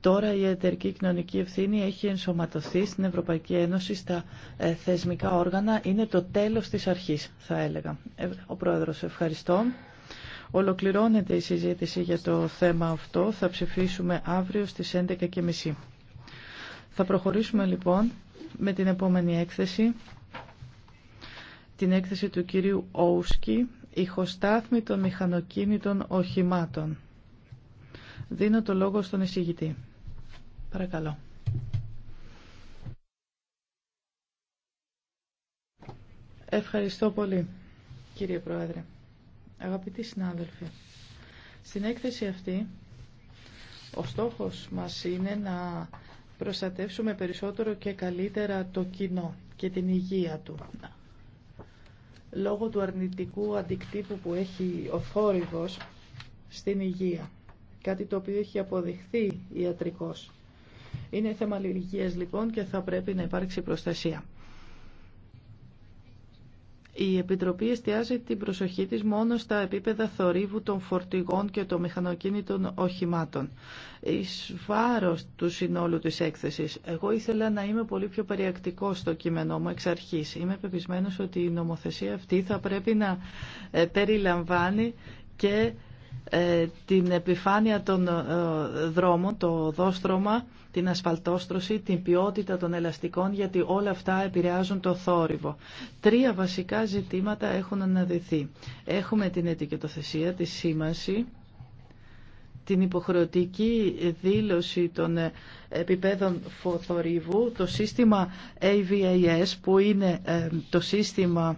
Τώρα η εταιρική κοινωνική ευθύνη έχει ενσωματωθεί στην Ευρωπαϊκή Ένωση στα ε, θεσμικά όργανα. Είναι το τέλος της αρχής, θα έλεγα. Ε, ο Πρόεδρος, ευχαριστώ. Ολοκληρώνεται η συζήτηση για το θέμα αυτό. Θα ψηφίσουμε αύριο στις 11.30. Θα προχωρήσουμε λοιπόν με την επόμενη έκθεση, την έκθεση του κυρίου Όουσκι, ηχοστάθμη των μηχανοκίνητων οχημάτων. Δίνω το λόγο στον εισηγητή. Παρακαλώ. Ευχαριστώ πολύ, κύριε Πρόεδρε. Αγαπητοί συνάδελφοι, στην έκθεση αυτή ο στόχος μας είναι να προστατεύσουμε περισσότερο και καλύτερα το κοινό και την υγεία του. Λόγω του αρνητικού αντικτύπου που έχει ο θόρυβος στην υγεία κάτι το οποίο έχει αποδειχθεί ιατρικός. Είναι θέμα λιλικίας λοιπόν και θα πρέπει να υπάρξει προστασία. Η Επιτροπή εστιάζει την προσοχή της μόνο στα επίπεδα θορύβου των φορτηγών και των μηχανοκίνητων οχημάτων. Η βάρος του συνόλου της έκθεσης, εγώ ήθελα να είμαι πολύ πιο περιεκτικό στο κείμενό μου εξ αρχής. Είμαι πεπισμένος ότι η νομοθεσία αυτή θα πρέπει να ε, περιλαμβάνει και ε, την επιφάνεια των ε, δρόμων, το δόστρωμα, την ασφαλτόστρωση, την ποιότητα των ελαστικών, γιατί όλα αυτά επηρεάζουν το θόρυβο. Τρία βασικά ζητήματα έχουν αναδεθεί. Έχουμε την ετικετοθεσία, τη σήμανση, την υποχρεωτική δήλωση των ε, επιπέδων θορύβου, το σύστημα AVAS που είναι το σύστημα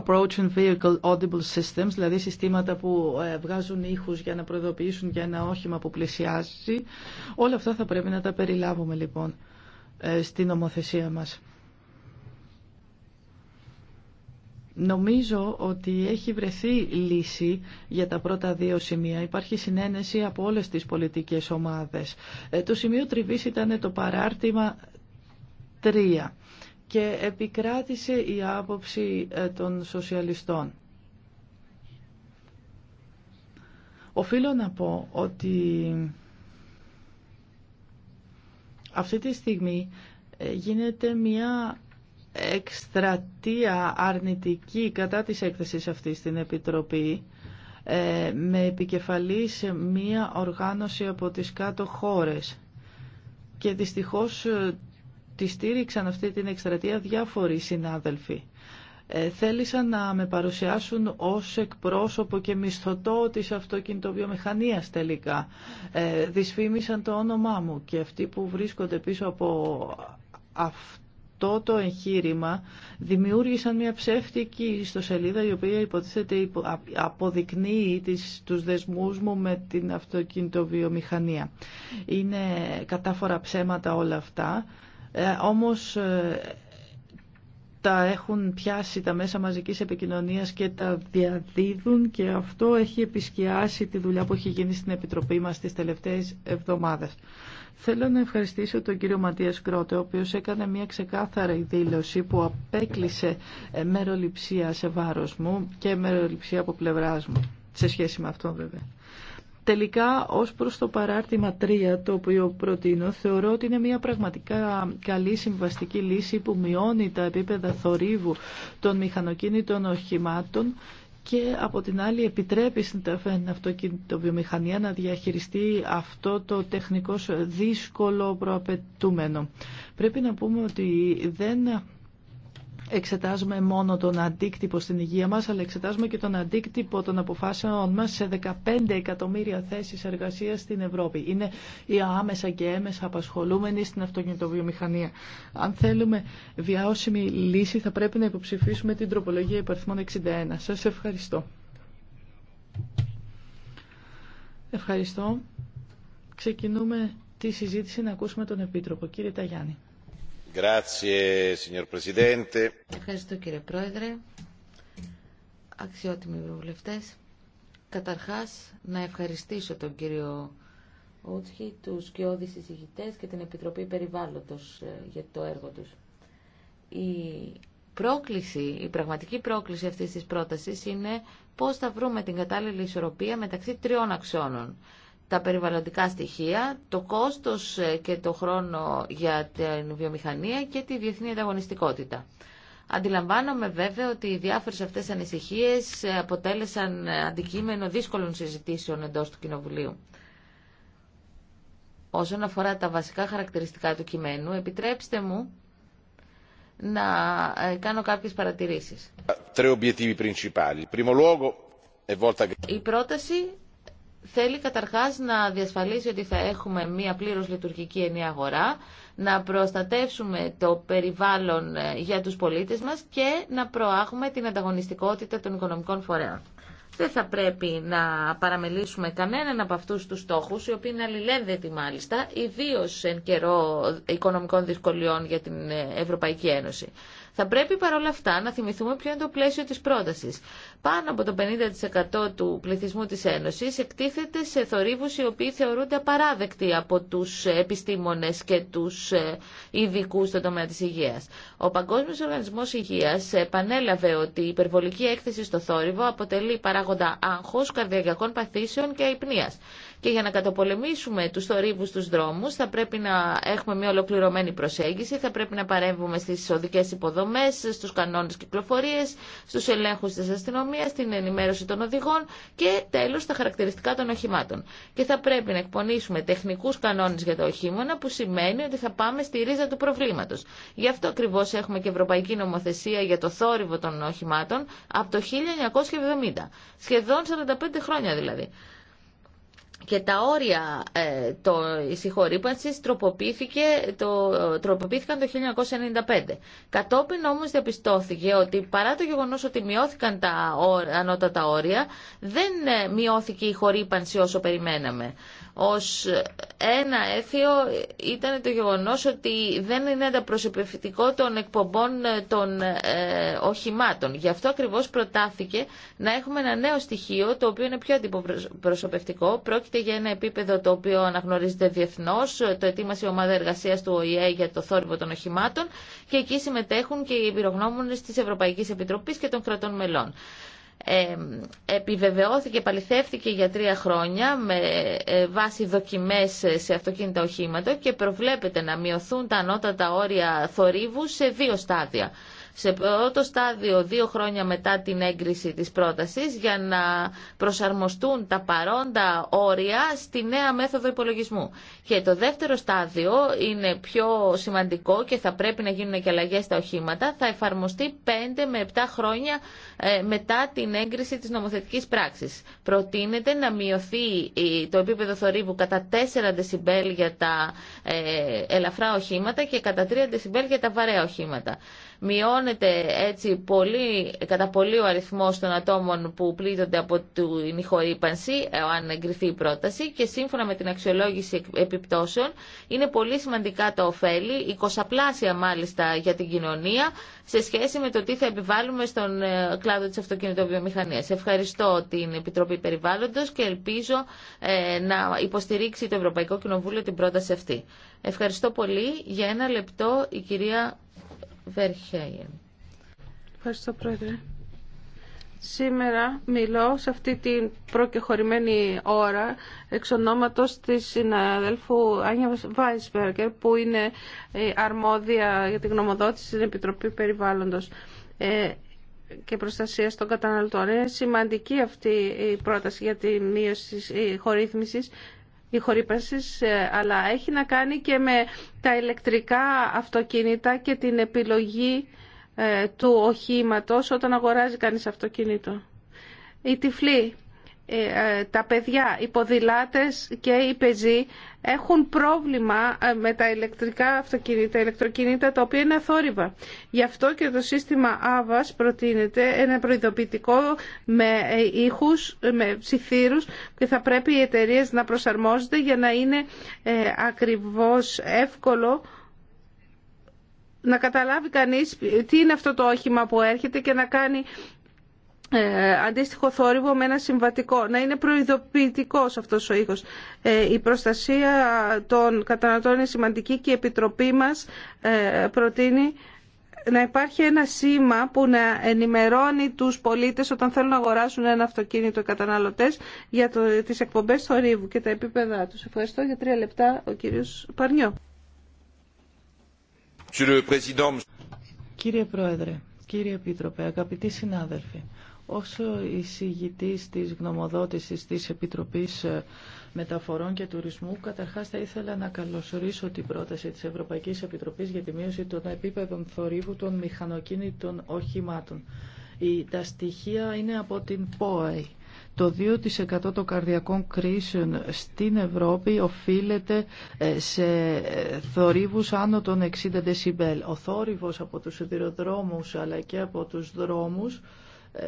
approach and vehicle audible systems, δηλαδή συστήματα που ε, βγάζουν ήχους για να προειδοποιήσουν για ένα όχημα που πλησιάζει. Όλα αυτά θα πρέπει να τα περιλάβουμε λοιπόν ε, στην νομοθεσία μας. Νομίζω ότι έχει βρεθεί λύση για τα πρώτα δύο σημεία. Υπάρχει συνένεση από όλες τις πολιτικές ομάδες. Ε, το σημείο τριβής ήταν το παράρτημα 3 και επικράτησε η άποψη ε, των σοσιαλιστών. Οφείλω να πω ότι αυτή τη στιγμή ε, γίνεται μια εκστρατεία αρνητική κατά της έκθεσης αυτή στην Επιτροπή ε, με επικεφαλή σε μια οργάνωση από τις κάτω χώρες και δυστυχώς τη στήριξαν αυτή την εκστρατεία διάφοροι συνάδελφοι. Ε, θέλησαν να με παρουσιάσουν ως εκπρόσωπο και μισθωτό της αυτοκινητοβιομηχανίας τελικά. Ε, δυσφήμισαν το όνομά μου και αυτοί που βρίσκονται πίσω από αυτό το εγχείρημα δημιούργησαν μια ψεύτικη ιστοσελίδα η οποία υποτίθεται αποδεικνύει τις, τους δεσμούς μου με την αυτοκινητοβιομηχανία. Είναι κατάφορα ψέματα όλα αυτά. Ε, όμως ε, τα έχουν πιάσει τα μέσα μαζικής επικοινωνίας και τα διαδίδουν και αυτό έχει επισκιάσει τη δουλειά που έχει γίνει στην Επιτροπή μας τις τελευταίες εβδομάδες. Θέλω να ευχαριστήσω τον κύριο Ματίας Κρότε, ο οποίος έκανε μια ξεκάθαρη δήλωση που απέκλεισε ε, μεροληψία σε βάρος μου και μεροληψία από πλευράς μου, σε σχέση με αυτό βέβαια. Τελικά, ως προς το παράρτημα 3, το οποίο προτείνω, θεωρώ ότι είναι μια πραγματικά καλή συμβαστική λύση που μειώνει τα επίπεδα θορύβου των μηχανοκίνητων οχημάτων και από την άλλη επιτρέπει στην αυτοκινητοβιομηχανία να διαχειριστεί αυτό το τεχνικό δύσκολο προαπαιτούμενο. Πρέπει να πούμε ότι δεν εξετάζουμε μόνο τον αντίκτυπο στην υγεία μας, αλλά εξετάζουμε και τον αντίκτυπο των αποφάσεων μας σε 15 εκατομμύρια θέσεις εργασίας στην Ευρώπη. Είναι οι άμεσα και έμεσα απασχολούμενοι στην αυτοκινητοβιομηχανία. Αν θέλουμε βιώσιμη λύση θα πρέπει να υποψηφίσουμε την τροπολογία υπαριθμών 61. Σας ευχαριστώ. Ευχαριστώ. Ξεκινούμε τη συζήτηση να ακούσουμε τον Επίτροπο. Κύριε Ταγιάννη. Ευχαριστώ κύριε Πρόεδρε, αξιότιμοι ευρωβουλευτές. Καταρχάς, να ευχαριστήσω τον κύριο Ότσχη, τους κοιόδης συζητητές και την Επιτροπή Περιβάλλοντος ε, για το έργο τους. Η πρόκληση, η πραγματική πρόκληση αυτής της πρότασης είναι πώς θα βρούμε την κατάλληλη ισορροπία μεταξύ τριών αξώνων τα περιβαλλοντικά στοιχεία, το κόστος ε, και το χρόνο για την βιομηχανία και τη διεθνή ανταγωνιστικότητα. Αντιλαμβάνομαι βέβαια ότι οι διάφορες αυτές ανησυχίες ε, αποτέλεσαν ε, αντικείμενο δύσκολων συζητήσεων εντός του Κοινοβουλίου. Όσον αφορά τα βασικά χαρακτηριστικά του κειμένου, επιτρέψτε μου να κάνω κάποιες παρατηρήσεις. Η πρόταση θέλει καταρχάς να διασφαλίσει ότι θα έχουμε μία πλήρως λειτουργική ενιαία αγορά, να προστατεύσουμε το περιβάλλον ε, για τους πολίτες μας και να προάγουμε την ανταγωνιστικότητα των οικονομικών φορέων. Δεν θα πρέπει να παραμελήσουμε κανέναν από αυτούς τους στόχους, οι οποίοι είναι αλληλένδετοι μάλιστα, ιδίως εν καιρό οικονομικών δυσκολιών για την ε, Ευρωπαϊκή Ένωση. Θα πρέπει παρόλα αυτά να θυμηθούμε ποιο είναι το πλαίσιο της πρότασης. Πάνω από το 50% του πληθυσμού της Ένωσης εκτίθεται σε θορύβους οι οποίοι θεωρούνται απαράδεκτοι από τους επιστήμονες και τους ε, ειδικού στον τομέα της υγείας. Ο Παγκόσμιος Οργανισμός Υγείας επανέλαβε ότι η υπερβολική έκθεση στο θόρυβο αποτελεί παράγοντα άγχος, καρδιακών παθήσεων και αϊπνίας. Και για να καταπολεμήσουμε του θορύβου στου δρόμου, θα πρέπει να έχουμε μια ολοκληρωμένη προσέγγιση, θα πρέπει να παρέμβουμε στις οδικέ υποδομές, στους κανόνες κυκλοφορίες, στου ελέγχου τη αστυνομία, στην ενημέρωση των οδηγών και τέλο στα χαρακτηριστικά των οχημάτων. Και θα πρέπει να εκπονήσουμε τεχνικού κανόνε για τα οχήματα που σημαίνει ότι θα πάμε στη ρίζα του προβλήματο. Γι' αυτό ακριβώ έχουμε και Ευρωπαϊκή Νομοθεσία για το θόρυβο των οχημάτων από το 1970. Σχεδόν 45 χρόνια δηλαδή και τα όρια ε, το, συγχωρήπανσης τροποποιήθηκε, το, τροποποιήθηκαν το 1995. Κατόπιν όμως διαπιστώθηκε ότι παρά το γεγονός ότι μειώθηκαν τα ανώτατα όρια, δεν ε, μειώθηκε η χορύπανση όσο περιμέναμε ως ένα έθιο ήταν το γεγονός ότι δεν είναι ανταπροσωπευτικό των εκπομπών ε, των ε, οχημάτων. Γι' αυτό ακριβώς προτάθηκε να έχουμε ένα νέο στοιχείο το οποίο είναι πιο αντιπροσωπευτικό. Πρόκειται για ένα επίπεδο το οποίο αναγνωρίζεται διεθνώς, το ετοίμασε η ομάδα εργασίας του ΟΗΕ για το θόρυβο των οχημάτων και εκεί συμμετέχουν και οι εμπειρογνώμονες της Ευρωπαϊκής Επιτροπής και των κρατών μελών ε, επιβεβαιώθηκε, επαληθεύθηκε για τρία χρόνια με ε, βάση δοκιμές σε αυτοκίνητα οχήματο και προβλέπεται να μειωθούν τα ανώτατα όρια θορύβου σε δύο στάδια σε πρώτο στάδιο δύο χρόνια μετά την έγκριση της πρότασης για να προσαρμοστούν τα παρόντα όρια στη νέα μέθοδο υπολογισμού. Και το δεύτερο στάδιο είναι πιο σημαντικό και θα πρέπει να γίνουν και αλλαγέ στα οχήματα. Θα εφαρμοστεί 5 με 7 χρόνια ε, μετά την έγκριση της νομοθετικής πράξης. Προτείνεται να μειωθεί ε, το επίπεδο θορύβου κατά 4 δεσιμπέλ για τα ε, ελαφρά οχήματα και κατά 3 δεσιμπέλ για τα βαρέα οχήματα. Μειώνεται έτσι πολύ, κατά πολύ ο αριθμός των ατόμων που πλήττονται από την ηχορύπανση, ε, αν εγκριθεί η πρόταση, και σύμφωνα με την αξιολόγηση επιπτώσεων είναι πολύ σημαντικά τα ωφέλη, 20 πλάσια μάλιστα για την κοινωνία, σε σχέση με το τι θα επιβάλλουμε στον ε, κλάδο της αυτοκινητοβιομηχανίας. Ευχαριστώ την Επιτροπή Περιβάλλοντος και ελπίζω ε, να υποστηρίξει το Ευρωπαϊκό Κοινοβούλιο την πρόταση αυτή. Ευχαριστώ πολύ. Για ένα λεπτό η κυρία Ευχαριστώ, Πρόεδρε. Σήμερα μιλώ σε αυτή την προκεχωρημένη ώρα εξ ονόματος της συναδέλφου Άνια Βάισμπεργκερ που είναι ε, αρμόδια για την γνωμοδότηση στην Επιτροπή Περιβάλλοντος ε, και Προστασίας των Καταναλωτών. Είναι σημαντική αυτή η πρόταση για τη μείωση της ε, η χορύπαση, ε, αλλά έχει να κάνει και με τα ηλεκτρικά αυτοκίνητα και την επιλογή ε, του οχήματος όταν αγοράζει κανείς αυτοκίνητο. Η τυφλή. Ε, ε, τα παιδιά, οι ποδηλάτες και οι πεζοί έχουν πρόβλημα ε, με τα ηλεκτρικά αυτοκίνητα, ηλεκτροκίνητα τα οποία είναι αθόρυβα. Γι' αυτό και το σύστημα AVAS προτείνεται ένα προειδοποιητικό με ήχους, με ψιθύρους και θα πρέπει οι εταιρείε να προσαρμόζονται για να είναι ακριβώς εύκολο να καταλάβει κανείς τι είναι αυτό το όχημα που έρχεται και να κάνει ε, αντίστοιχο θόρυβο με ένα συμβατικό. Να είναι προειδοποιητικό αυτό ο ήχος. Ε, η προστασία των καταναλωτών είναι σημαντική και η Επιτροπή μας ε, προτείνει να υπάρχει ένα σήμα που να ενημερώνει του πολίτε όταν θέλουν να αγοράσουν ένα αυτοκίνητο οι καταναλωτές για τι εκπομπέ θορύβου και τα επίπεδά Του Ευχαριστώ για τρία λεπτά ο κύριο Παρνιό. Κύριε Πρόεδρε, κύριε Επίτροπε, αγαπητοί συνάδελφοι, Όσο εισηγητής της γνωμοδότησης της Επιτροπής ε, Μεταφορών και Τουρισμού, καταρχάς θα ήθελα να καλωσορίσω την πρόταση της Ευρωπαϊκής Επιτροπής για τη μείωση των επίπεδων θορύβου των μηχανοκίνητων οχημάτων. Τα στοιχεία είναι από την ΠΟΑΗ. Το 2% των καρδιακών κρίσεων στην Ευρώπη οφείλεται ε, σε ε, θορύβους άνω των 60 δεσιμπέλ. Ο θόρυβος από τους σιδηροδρόμους αλλά και από τους δρόμους ε,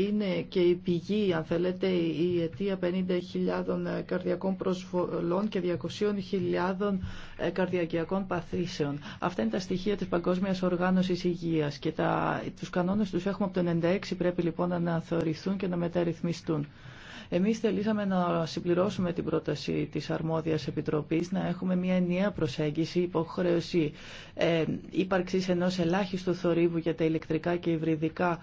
είναι και η πηγή, αν θέλετε, η αιτία 50.000 ε, καρδιακών προσβολών και 200.000 ε, καρδιακιακών παθήσεων. Αυτά είναι τα στοιχεία της Παγκόσμιας Οργάνωσης Υγείας και τα, τους κανόνες τους έχουμε από το 96 πρέπει λοιπόν να αναθεωρηθούν και να μεταρρυθμιστούν. Εμείς θελήσαμε να συμπληρώσουμε την πρόταση της αρμόδιας επιτροπής να έχουμε μια ενιαία προσέγγιση υποχρέωση ε, ύπαρξης ενός ελάχιστου θορύβου για τα ηλεκτρικά και υβριδικά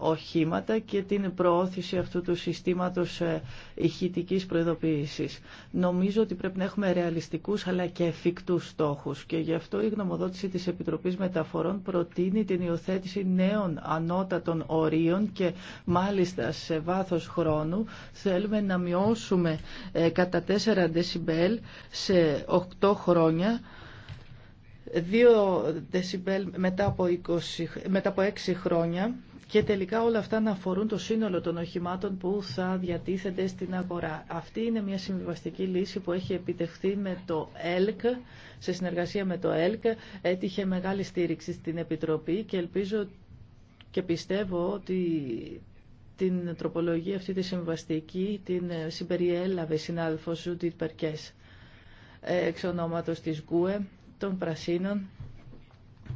οχήματα και την προώθηση αυτού του συστήματος ε, ηχητικής προειδοποίησης. Νομίζω ότι πρέπει να έχουμε ρεαλιστικούς αλλά και εφικτούς στόχους και γι' αυτό η γνωμοδότηση της Επιτροπής Μεταφορών προτείνει την υιοθέτηση νέων ανώτατων ορίων και μάλιστα σε βάθος χρόνου θέλουμε να μειώσουμε ε, κατά 4 δεσιμπέλ σε 8 χρόνια 2 δεσιμπέλ μετά από, 20, μετά από 6 χρόνια και τελικά όλα αυτά να αφορούν το σύνολο των οχημάτων που θα διατίθενται στην αγορά. Αυτή είναι μια συμβιβαστική λύση που έχει επιτευχθεί με το ΕΛΚ, σε συνεργασία με το ΕΛΚ, έτυχε μεγάλη στήριξη στην Επιτροπή και ελπίζω και πιστεύω ότι την τροπολογία αυτή τη συμβαστική την συμπεριέλαβε συνάδελφος Ζούντιτ Περκές ε, εξ ονόματος της ΓΚΟΕ, των Πρασίνων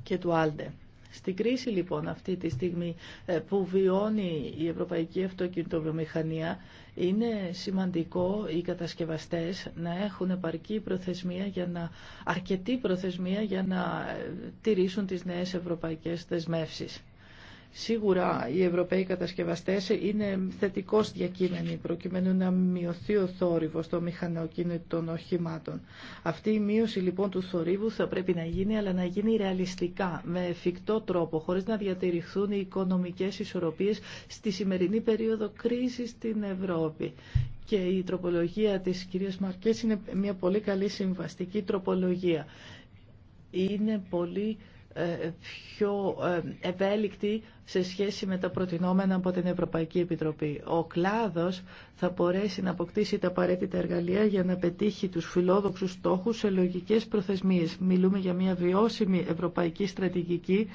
και του Άλντε. Στην κρίση λοιπόν αυτή τη στιγμή ε, που βιώνει η ευρωπαϊκή αυτοκινητοβιομηχανία είναι σημαντικό οι κατασκευαστές να έχουν επαρκή προθεσμία για να, αρκετή προθεσμία για να ε, τηρήσουν τις νέες ευρωπαϊκές δεσμεύσεις. Σίγουρα οι Ευρωπαίοι κατασκευαστές είναι θετικός διακείμενοι προκειμένου να μειωθεί ο θόρυβος των μηχανοκίνητων οχημάτων. Αυτή η μείωση λοιπόν του θορύβου θα πρέπει να γίνει αλλά να γίνει ρεαλιστικά, με εφικτό τρόπο, χωρίς να διατηρηθούν οι οικονομικές ισορροπίες στη σημερινή περίοδο κρίσης στην Ευρώπη. Και η τροπολογία της κυρίας Μαρκές είναι μια πολύ καλή συμβαστική τροπολογία. Είναι πολύ ε, πιο ε, ευέλικτη σε σχέση με τα προτινόμενα από την Ευρωπαϊκή Επιτροπή. Ο κλάδος θα μπορέσει να αποκτήσει τα απαραίτητα εργαλεία για να πετύχει τους φιλόδοξους στόχους σε λογικές προθεσμίες. Μιλούμε για μια βιώσιμη ευρωπαϊκή στρατηγική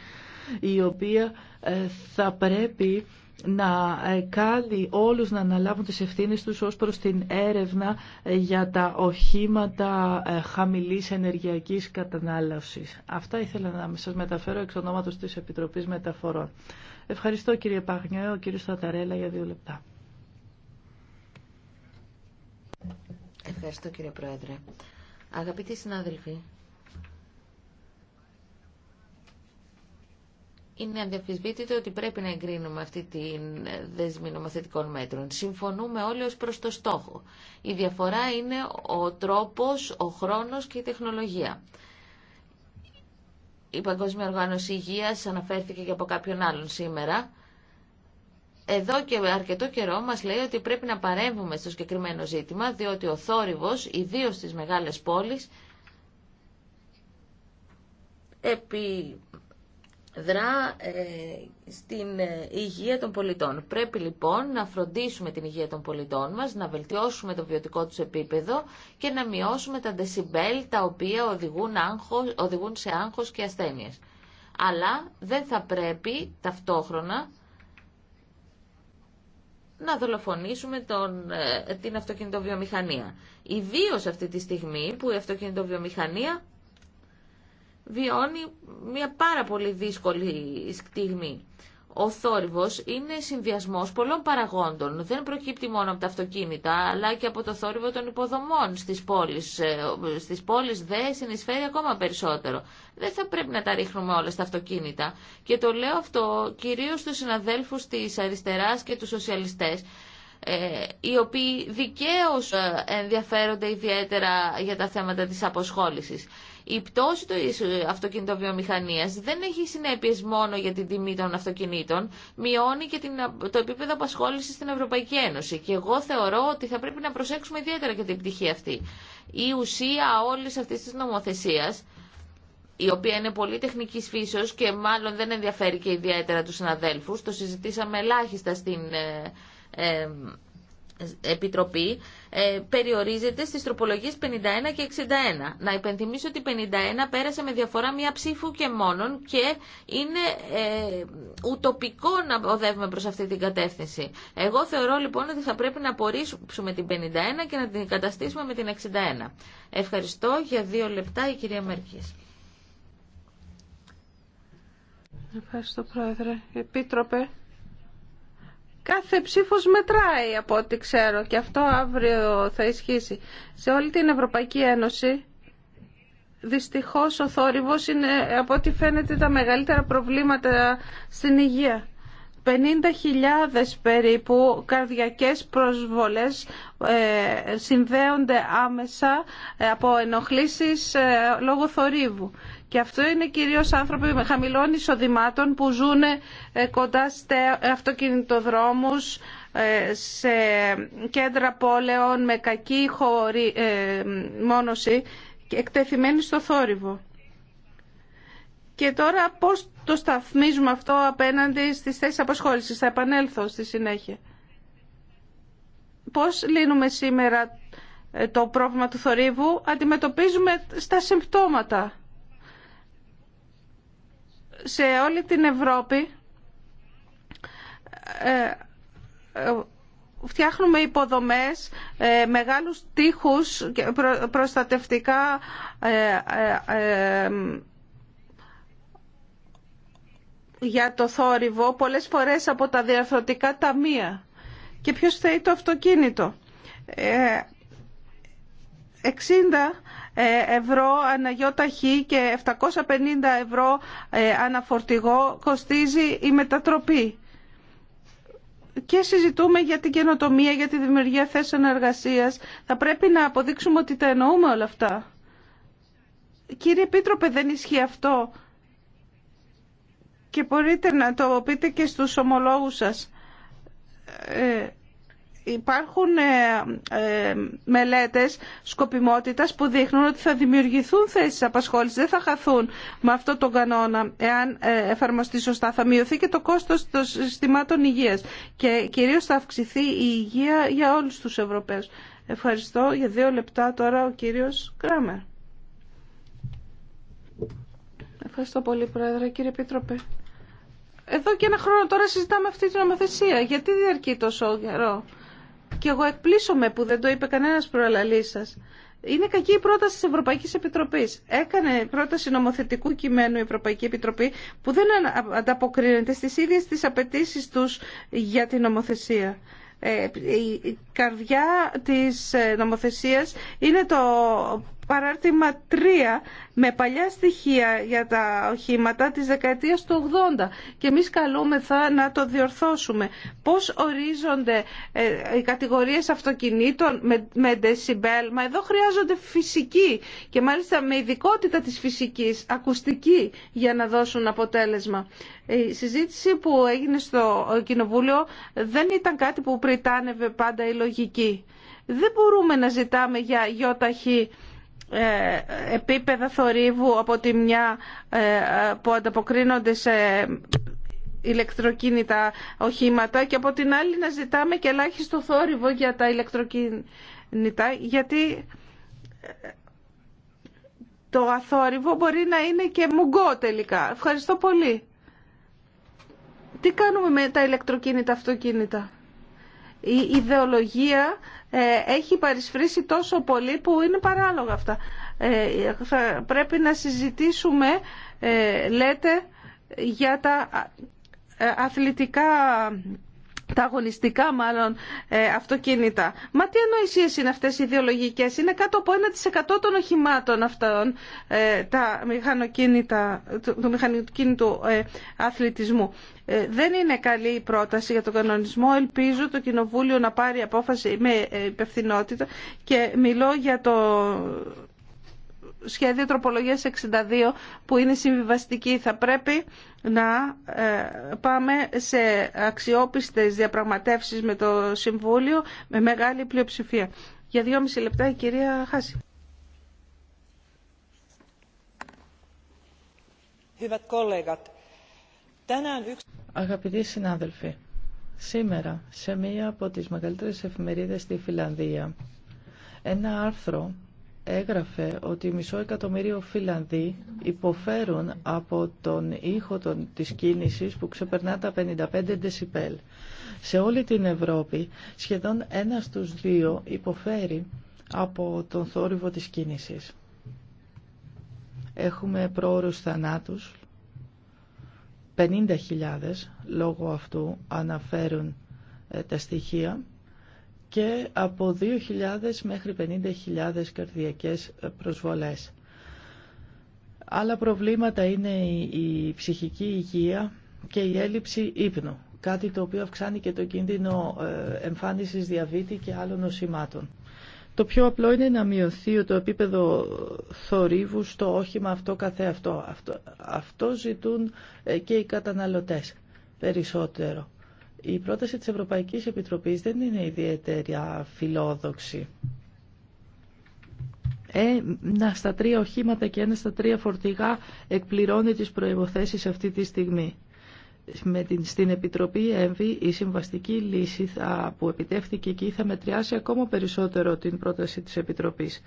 η οποία ε, θα πρέπει να ε, κάνει όλους να αναλάβουν τις ευθύνες τους ως προς την έρευνα ε, για τα οχήματα ε, χαμηλής ενεργειακής κατανάλωσης. Αυτά ήθελα να σας μεταφέρω εξ ονόματος της Επιτροπής Μεταφορών. Ευχαριστώ κύριε ο κύριο Σταταρέλα για δύο λεπτά. Ευχαριστώ κύριε Πρόεδρε. Αγαπητοί συνάδελφοι, είναι αντιαμφισβήτητο ότι πρέπει να εγκρίνουμε αυτή τη δέσμη νομοθετικών μέτρων. Συμφωνούμε όλοι ως προς το στόχο. Η διαφορά είναι ο τρόπος, ο χρόνος και η τεχνολογία. Η Παγκόσμια Οργάνωση Υγείας αναφέρθηκε και από κάποιον άλλον σήμερα. Εδώ και αρκετό καιρό μας λέει ότι πρέπει να παρέμβουμε στο συγκεκριμένο ζήτημα, διότι ο θόρυβος, ιδίως στις μεγάλες πόλεις, επί δρά ε, στην ε, υγεία των πολιτών. Πρέπει λοιπόν να φροντίσουμε την υγεία των πολιτών μας, να βελτιώσουμε το βιωτικό τους επίπεδο και να μειώσουμε τα ντεσιμπέλ τα οποία οδηγούν, οδηγούν σε άγχος και ασθένειες. Αλλά δεν θα πρέπει ταυτόχρονα να δολοφονήσουμε τον, ε, την αυτοκινητοβιομηχανία. Ιδίω αυτή τη στιγμή που η αυτοκινητοβιομηχανία βιώνει μια πάρα πολύ δύσκολη στιγμή. Ο θόρυβος είναι συνδυασμός πολλών παραγόντων. Δεν προκύπτει μόνο από τα αυτοκίνητα, αλλά και από το θόρυβο των υποδομών στις πόλεις. Ε, στις πόλεις δε συνεισφέρει ακόμα περισσότερο. Δεν θα πρέπει να τα ρίχνουμε όλα στα αυτοκίνητα. Και το λέω αυτό κυρίως στους συναδέλφους της αριστεράς και τους σοσιαλιστές, ε, οι οποίοι δικαίως ε, ενδιαφέρονται ιδιαίτερα για τα θέματα της αποσχόλησης η πτώση του ε, αυτοκινητοβιομηχανίας δεν έχει συνέπειες μόνο για την τιμή των αυτοκινήτων, μειώνει και την, το επίπεδο απασχόλησης στην Ευρωπαϊκή Ένωση. Και εγώ θεωρώ ότι θα πρέπει να προσέξουμε ιδιαίτερα και την πτυχή αυτή. Η ουσία όλης αυτής της νομοθεσίας η οποία είναι πολύ τεχνικής φύσεως και μάλλον δεν ενδιαφέρει και ιδιαίτερα τους συναδέλφους. Το συζητήσαμε ελάχιστα στην ε, ε, Επιτροπή ε, περιορίζεται στις τροπολογίες 51 και 61. Να υπενθυμίσω ότι 51 πέρασε με διαφορά μία ψήφου και μόνον και είναι ε, ουτοπικό να οδεύουμε προς αυτή την κατεύθυνση. Εγώ θεωρώ λοιπόν ότι θα πρέπει να απορρίψουμε την 51 και να την καταστήσουμε με την 61. Ευχαριστώ. Για δύο λεπτά η κυρία Μερκής. Ευχαριστώ Πρόεδρε. Επίτροπε. Κάθε ψήφος μετράει από ό,τι ξέρω και αυτό αύριο θα ισχύσει. Σε όλη την Ευρωπαϊκή Ένωση δυστυχώς ο θόρυβος είναι από ό,τι φαίνεται τα μεγαλύτερα προβλήματα στην υγεία. 50.000 περίπου καρδιακές προσβολές ε, συνδέονται άμεσα ε, από ενοχλήσεις ε, λόγω θορύβου. Και αυτό είναι κυρίως άνθρωποι με χαμηλών εισοδημάτων που ζουν κοντά σε αυτοκινητοδρόμους, σε κέντρα πόλεων με κακή χωρί, μόνωση και εκτεθειμένοι στο θόρυβο. Και τώρα πώς το σταθμίζουμε αυτό απέναντι στις θέσεις απασχόληση. Θα επανέλθω στη συνέχεια. Πώς λύνουμε σήμερα ε, το πρόβλημα του θορύβου. Αντιμετωπίζουμε στα συμπτώματα. Σε όλη την Ευρώπη ε, ε, φτιάχνουμε υποδομές, μεγάλους τείχους, προστατευτικά για το θόρυβο πολλές φορές από τα διαρθρωτικά ταμεία. Και ποιος θέει το αυτοκίνητο. 60 ε, ε, ευρώ αναγιώταχή και 750 ευρώ ε, αναφορτηγό κοστίζει η μετατροπή. Και συζητούμε για την καινοτομία, για τη δημιουργία θέσεων εργασίας. Θα πρέπει να αποδείξουμε ότι τα εννοούμε όλα αυτά. Κύριε Επίτροπε, δεν ισχύει αυτό και μπορείτε να το πείτε και στους ομολόγους σας. Ε, υπάρχουν ε, ε, μελέτες σκοπιμότητας που δείχνουν ότι θα δημιουργηθούν θέσεις απασχόλησης, δεν θα χαθούν με αυτό τον κανόνα εάν ε, εφαρμοστεί σωστά. Θα μειωθεί και το κόστος των συστημάτων υγείας και κυρίως θα αυξηθεί η υγεία για όλους τους Ευρωπαίους. Ευχαριστώ. Για δύο λεπτά τώρα ο κύριος Κράμερ. Ευχαριστώ πολύ, Πρόεδρε. Κύριε Επίτροπε. Εδώ και ένα χρόνο τώρα συζητάμε αυτή την νομοθεσία. Γιατί διαρκεί τόσο καιρό. Και εγώ εκπλήσωμαι που δεν το είπε κανένας προαλλαλής σας. Είναι κακή η πρόταση της Ευρωπαϊκής Επιτροπής. Έκανε πρόταση νομοθετικού κειμένου η Ευρωπαϊκή Επιτροπή που δεν ανταποκρίνεται στις ίδιες τις απαιτήσει τους για την νομοθεσία. Ε, η καρδιά της ε, νομοθεσίας είναι το παράρτημα 3 με παλιά στοιχεία για τα οχήματα της δεκαετίας του 80 και εμείς καλούμεθα να το διορθώσουμε. Πώς ορίζονται ε, οι κατηγορίες αυτοκινήτων με, με μα εδώ χρειάζονται φυσική και μάλιστα με ειδικότητα της φυσικής, ακουστική για να δώσουν αποτέλεσμα. Η συζήτηση που έγινε στο Κοινοβούλιο δεν ήταν κάτι που πριτάνευε πάντα η λογική. Δεν μπορούμε να ζητάμε για γιοταχή ε, επίπεδα θορύβου από τη μια ε, που ανταποκρίνονται σε ηλεκτροκίνητα οχήματα και από την άλλη να ζητάμε και ελάχιστο θόρυβο για τα ηλεκτροκίνητα γιατί ε, το αθόρυβο μπορεί να είναι και μουγκό τελικά. Ευχαριστώ πολύ. Τι κάνουμε με τα ηλεκτροκίνητα αυτοκίνητα. Η ιδεολογία ε, έχει παρισφρήσει τόσο πολύ που είναι παράλογα αυτά. Ε, θα πρέπει να συζητήσουμε, ε, λέτε, για τα αθλητικά τα αγωνιστικά μάλλον ε, αυτοκίνητα. Μα τι ανοησίες είναι αυτές οι ιδεολογικές. Είναι κάτω από 1% των οχημάτων αυτών ε, τα μηχανοκίνητα, του, του μηχανοκίνητου ε, αθλητισμού. δεν είναι καλή η πρόταση για τον κανονισμό. Ελπίζω το Κοινοβούλιο να πάρει απόφαση με υπευθυνότητα και μιλώ για το σχέδιο τροπολογίας 62 που είναι συμβιβαστική. Θα πρέπει να ε, πάμε σε αξιόπιστες διαπραγματεύσεις με το Συμβούλιο με μεγάλη πλειοψηφία. Για δύο μισή λεπτά η κυρία Χάση. Αγαπητοί συνάδελφοι, σήμερα σε μία από τις μεγαλύτερες εφημερίδες στη Φιλανδία ένα άρθρο έγραφε ότι μισό εκατομμύριο Φιλανδοί υποφέρουν από τον ήχο των, της κίνησης που ξεπερνά τα 55 δεσιπέλ. Σε όλη την Ευρώπη σχεδόν ένας στους δύο υποφέρει από τον θόρυβο της κίνησης. Έχουμε πρόορους θανάτους, 50.000 λόγω αυτού αναφέρουν ε, τα στοιχεία και από 2.000 μέχρι 50.000 καρδιακές προσβολές. Άλλα προβλήματα είναι η ψυχική υγεία και η έλλειψη ύπνου, κάτι το οποίο αυξάνει και το κίνδυνο ε, εμφάνισης διαβήτη και άλλων νοσημάτων. Το πιο απλό είναι να μειωθεί το επίπεδο θορύβου στο όχημα αυτό καθεαυτό. Αυτό, αυτό ζητούν ε, και οι καταναλωτές περισσότερο η πρόταση της Ευρωπαϊκής Επιτροπής δεν είναι ιδιαίτερα φιλόδοξη. Ένα ε, στα τρία οχήματα και ένα στα τρία φορτηγά εκπληρώνει τις προϋποθέσεις αυτή τη στιγμή. Με την, στην Επιτροπή ΕΜΒΗ η συμβαστική λύση που επιτεύχθηκε εκεί θα μετριάσει ακόμα περισσότερο την πρόταση της Επιτροπής.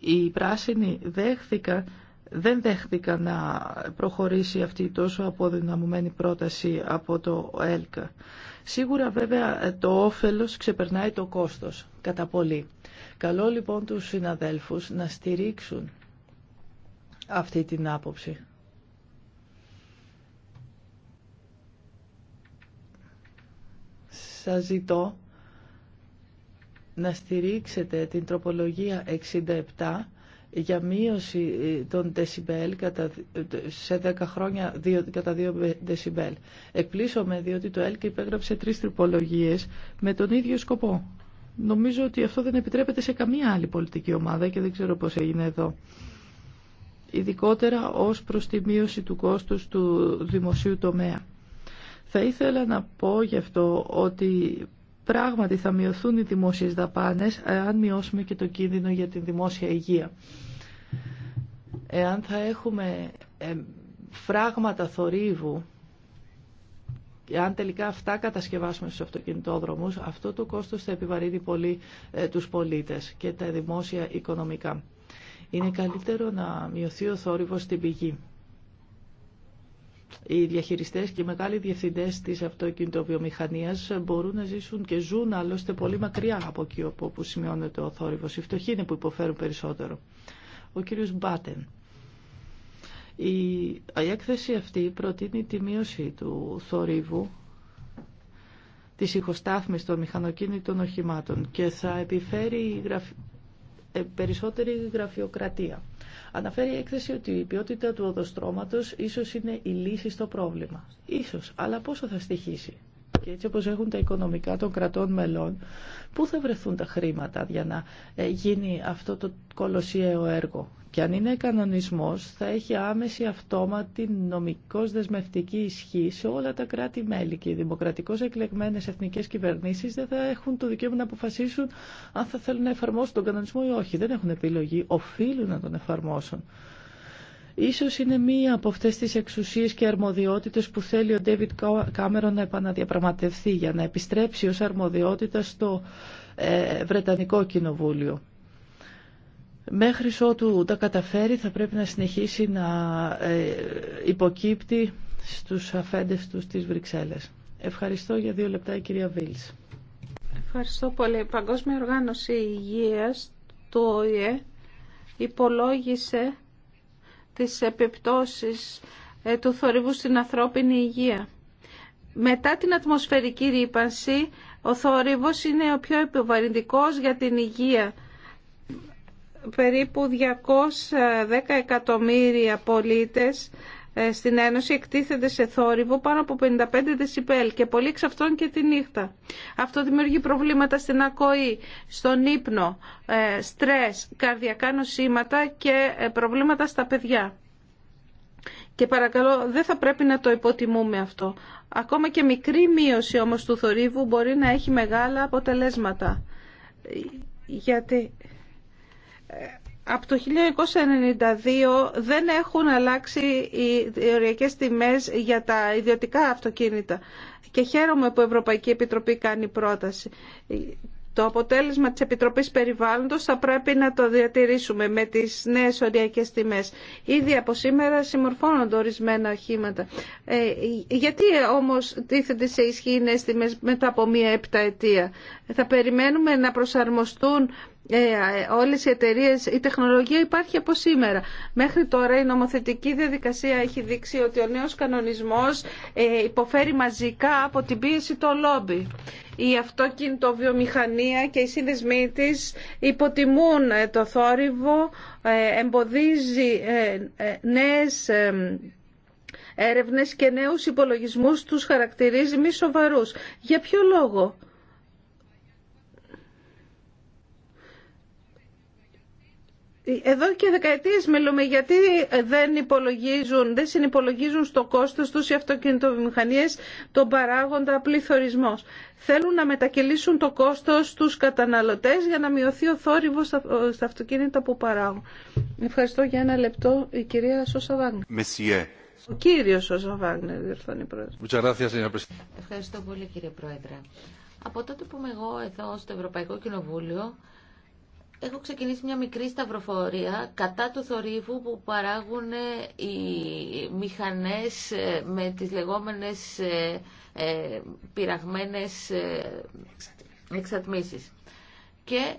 Οι πράσινοι δέχθηκαν δεν δέχτηκα να προχωρήσει αυτή η τόσο αποδυναμωμένη πρόταση από το ΕΛΚΑ. Σίγουρα βέβαια το όφελος ξεπερνάει το κόστος κατά πολύ. Καλό λοιπόν τους συναδέλφους να στηρίξουν αυτή την άποψη. Σας ζητώ να στηρίξετε την τροπολογία 67 για μείωση ε, των δεσιμπέλ σε 10 χρόνια κατά 2 δεσιμπέλ. Εκπλήσωμαι διότι το ΕΛΚ υπέγραψε τρεις τρυπολογίες με τον ίδιο σκοπό. Νομίζω ότι αυτό δεν επιτρέπεται σε καμία άλλη πολιτική ομάδα και δεν ξέρω πώς έγινε εδώ. Ειδικότερα ως προς τη μείωση του κόστους του δημοσίου τομέα. Θα ήθελα να πω γι' αυτό ότι Πράγματι θα μειωθούν οι δημόσιες δαπάνες ε, αν μειώσουμε και το κίνδυνο για την δημόσια υγεία. Εάν θα έχουμε ε, φράγματα θορύβου αν τελικά αυτά κατασκευάσουμε στους αυτοκινητόδρομους, αυτό το κόστος θα επιβαρύνει πολύ ε, τους πολίτες και τα δημόσια οικονομικά. Είναι καλύτερο να μειωθεί ο θόρυβος στην πηγή οι διαχειριστές και οι μεγάλοι διευθυντές της αυτοκινητοβιομηχανίας μπορούν να ζήσουν και ζουν άλλωστε πολύ μακριά από εκεί όπου, σημειώνεται ο θόρυβος. Οι φτωχοί είναι που υποφέρουν περισσότερο. Ο κύριος Μπάτεν. Η, η έκθεση αυτή προτείνει τη μείωση του θορύβου της ηχοστάθμης των μηχανοκίνητων οχημάτων και θα επιφέρει ε, περισσότερη γραφειοκρατία. Αναφέρει η έκθεση ότι η ποιότητα του οδοστρώματος ίσως είναι η λύση στο πρόβλημα. Ίσως, αλλά πόσο θα στοιχήσει και έτσι όπως έχουν τα οικονομικά των κρατών μελών, πού θα βρεθούν τα χρήματα για να ε, γίνει αυτό το κολοσιαίο έργο. Και αν είναι κανονισμός θα έχει άμεση αυτόματη νομικός δεσμευτική ισχύ σε όλα τα κράτη-μέλη και οι δημοκρατικώς εκλεγμένες εθνικές κυβερνήσεις δεν θα έχουν το δικαίωμα να αποφασίσουν αν θα θέλουν να εφαρμόσουν τον κανονισμό ή όχι. Δεν έχουν επιλογή, οφείλουν να τον εφαρμόσουν. Ίσως είναι μία από αυτές τις εξουσίες και αρμοδιότητες που θέλει ο Ντέβιτ Κάμερον να επαναδιαπραγματευτεί για να επιστρέψει ως αρμοδιότητα στο ε, Βρετανικό Κοινοβούλιο. Μέχρι ότου τα καταφέρει θα πρέπει να συνεχίσει να ε, υποκύπτει στους αφέντες του στις Βρυξέλλες. Ευχαριστώ για δύο λεπτά η κυρία Βίλς. Ευχαριστώ πολύ. Η Παγκόσμια Οργάνωση Υγείας του ΟΗΕ υπολόγισε τις επιπτώσεις ε, του θορύβου στην ανθρώπινη υγεία. Μετά την ατμοσφαιρική ρήπανση, ο θόρυβος είναι ο πιο επιβαρυντικός για την υγεία. Περίπου 210 εκατομμύρια πολίτες ε, στην Ένωση εκτίθεται σε θόρυβο πάνω από 55 δεσιπέλ και πολλοί εξ αυτών και τη νύχτα. Αυτό δημιουργεί προβλήματα στην ακοή, στον ύπνο, ε, στρες, καρδιακά νοσήματα και ε, προβλήματα στα παιδιά. Και παρακαλώ, δεν θα πρέπει να το υποτιμούμε αυτό. Ακόμα και μικρή μείωση όμως του θορύβου μπορεί να έχει μεγάλα αποτελέσματα. Γιατί από το 1992 δεν έχουν αλλάξει οι οριακές τιμές για τα ιδιωτικά αυτοκίνητα και χαίρομαι που η Ευρωπαϊκή Επιτροπή κάνει πρόταση. Το αποτέλεσμα της Επιτροπής Περιβάλλοντος θα πρέπει να το διατηρήσουμε με τις νέες οριακές τιμές. Ήδη από σήμερα συμμορφώνονται ορισμένα οχήματα. Ε, γιατί όμως τίθενται σε ισχύ οι νέες τιμές μετά από μία επταετία. Θα περιμένουμε να προσαρμοστούν ε, όλες οι εταιρείες, η τεχνολογία υπάρχει από σήμερα. Μέχρι τώρα η νομοθετική διαδικασία έχει δείξει ότι ο νέος κανονισμός ε, υποφέρει μαζικά από την πίεση των λόμπι. Η αυτοκίνητο βιομηχανία και οι σύνδεσμοί της υποτιμούν ε, το θόρυβο, εμποδίζει νέες έρευνες και νέους υπολογισμούς τους χαρακτηρίζει μη σοβαρούς. Για ποιο λόγο Εδώ και δεκαετίε μιλούμε γιατί δεν υπολογίζουν, δεν συνυπολογίζουν στο κόστος τους οι αυτοκινητοβιομηχανίε τον παράγοντα πληθωρισμό. Θέλουν να μετακυλήσουν το κόστος στους καταναλωτέ για να μειωθεί ο θόρυβο στα αυτοκίνητα που παράγουν. Ευχαριστώ για ένα λεπτό η κυρία Σόσα Βάγνερ. Ο κύριο Σόσα Βάγνερ, διορθώνει πρόεδρε. Ευχαριστώ πολύ κύριε Πρόεδρε. Από τότε που είμαι εγώ εδώ στο Ευρωπαϊκό Κοινοβούλιο, έχω ξεκινήσει μια μικρή σταυροφορία κατά του θορύβου που παράγουν ε, οι μηχανές ε, με τις λεγόμενες ε, πειραγμένες εξατμίσεις. Και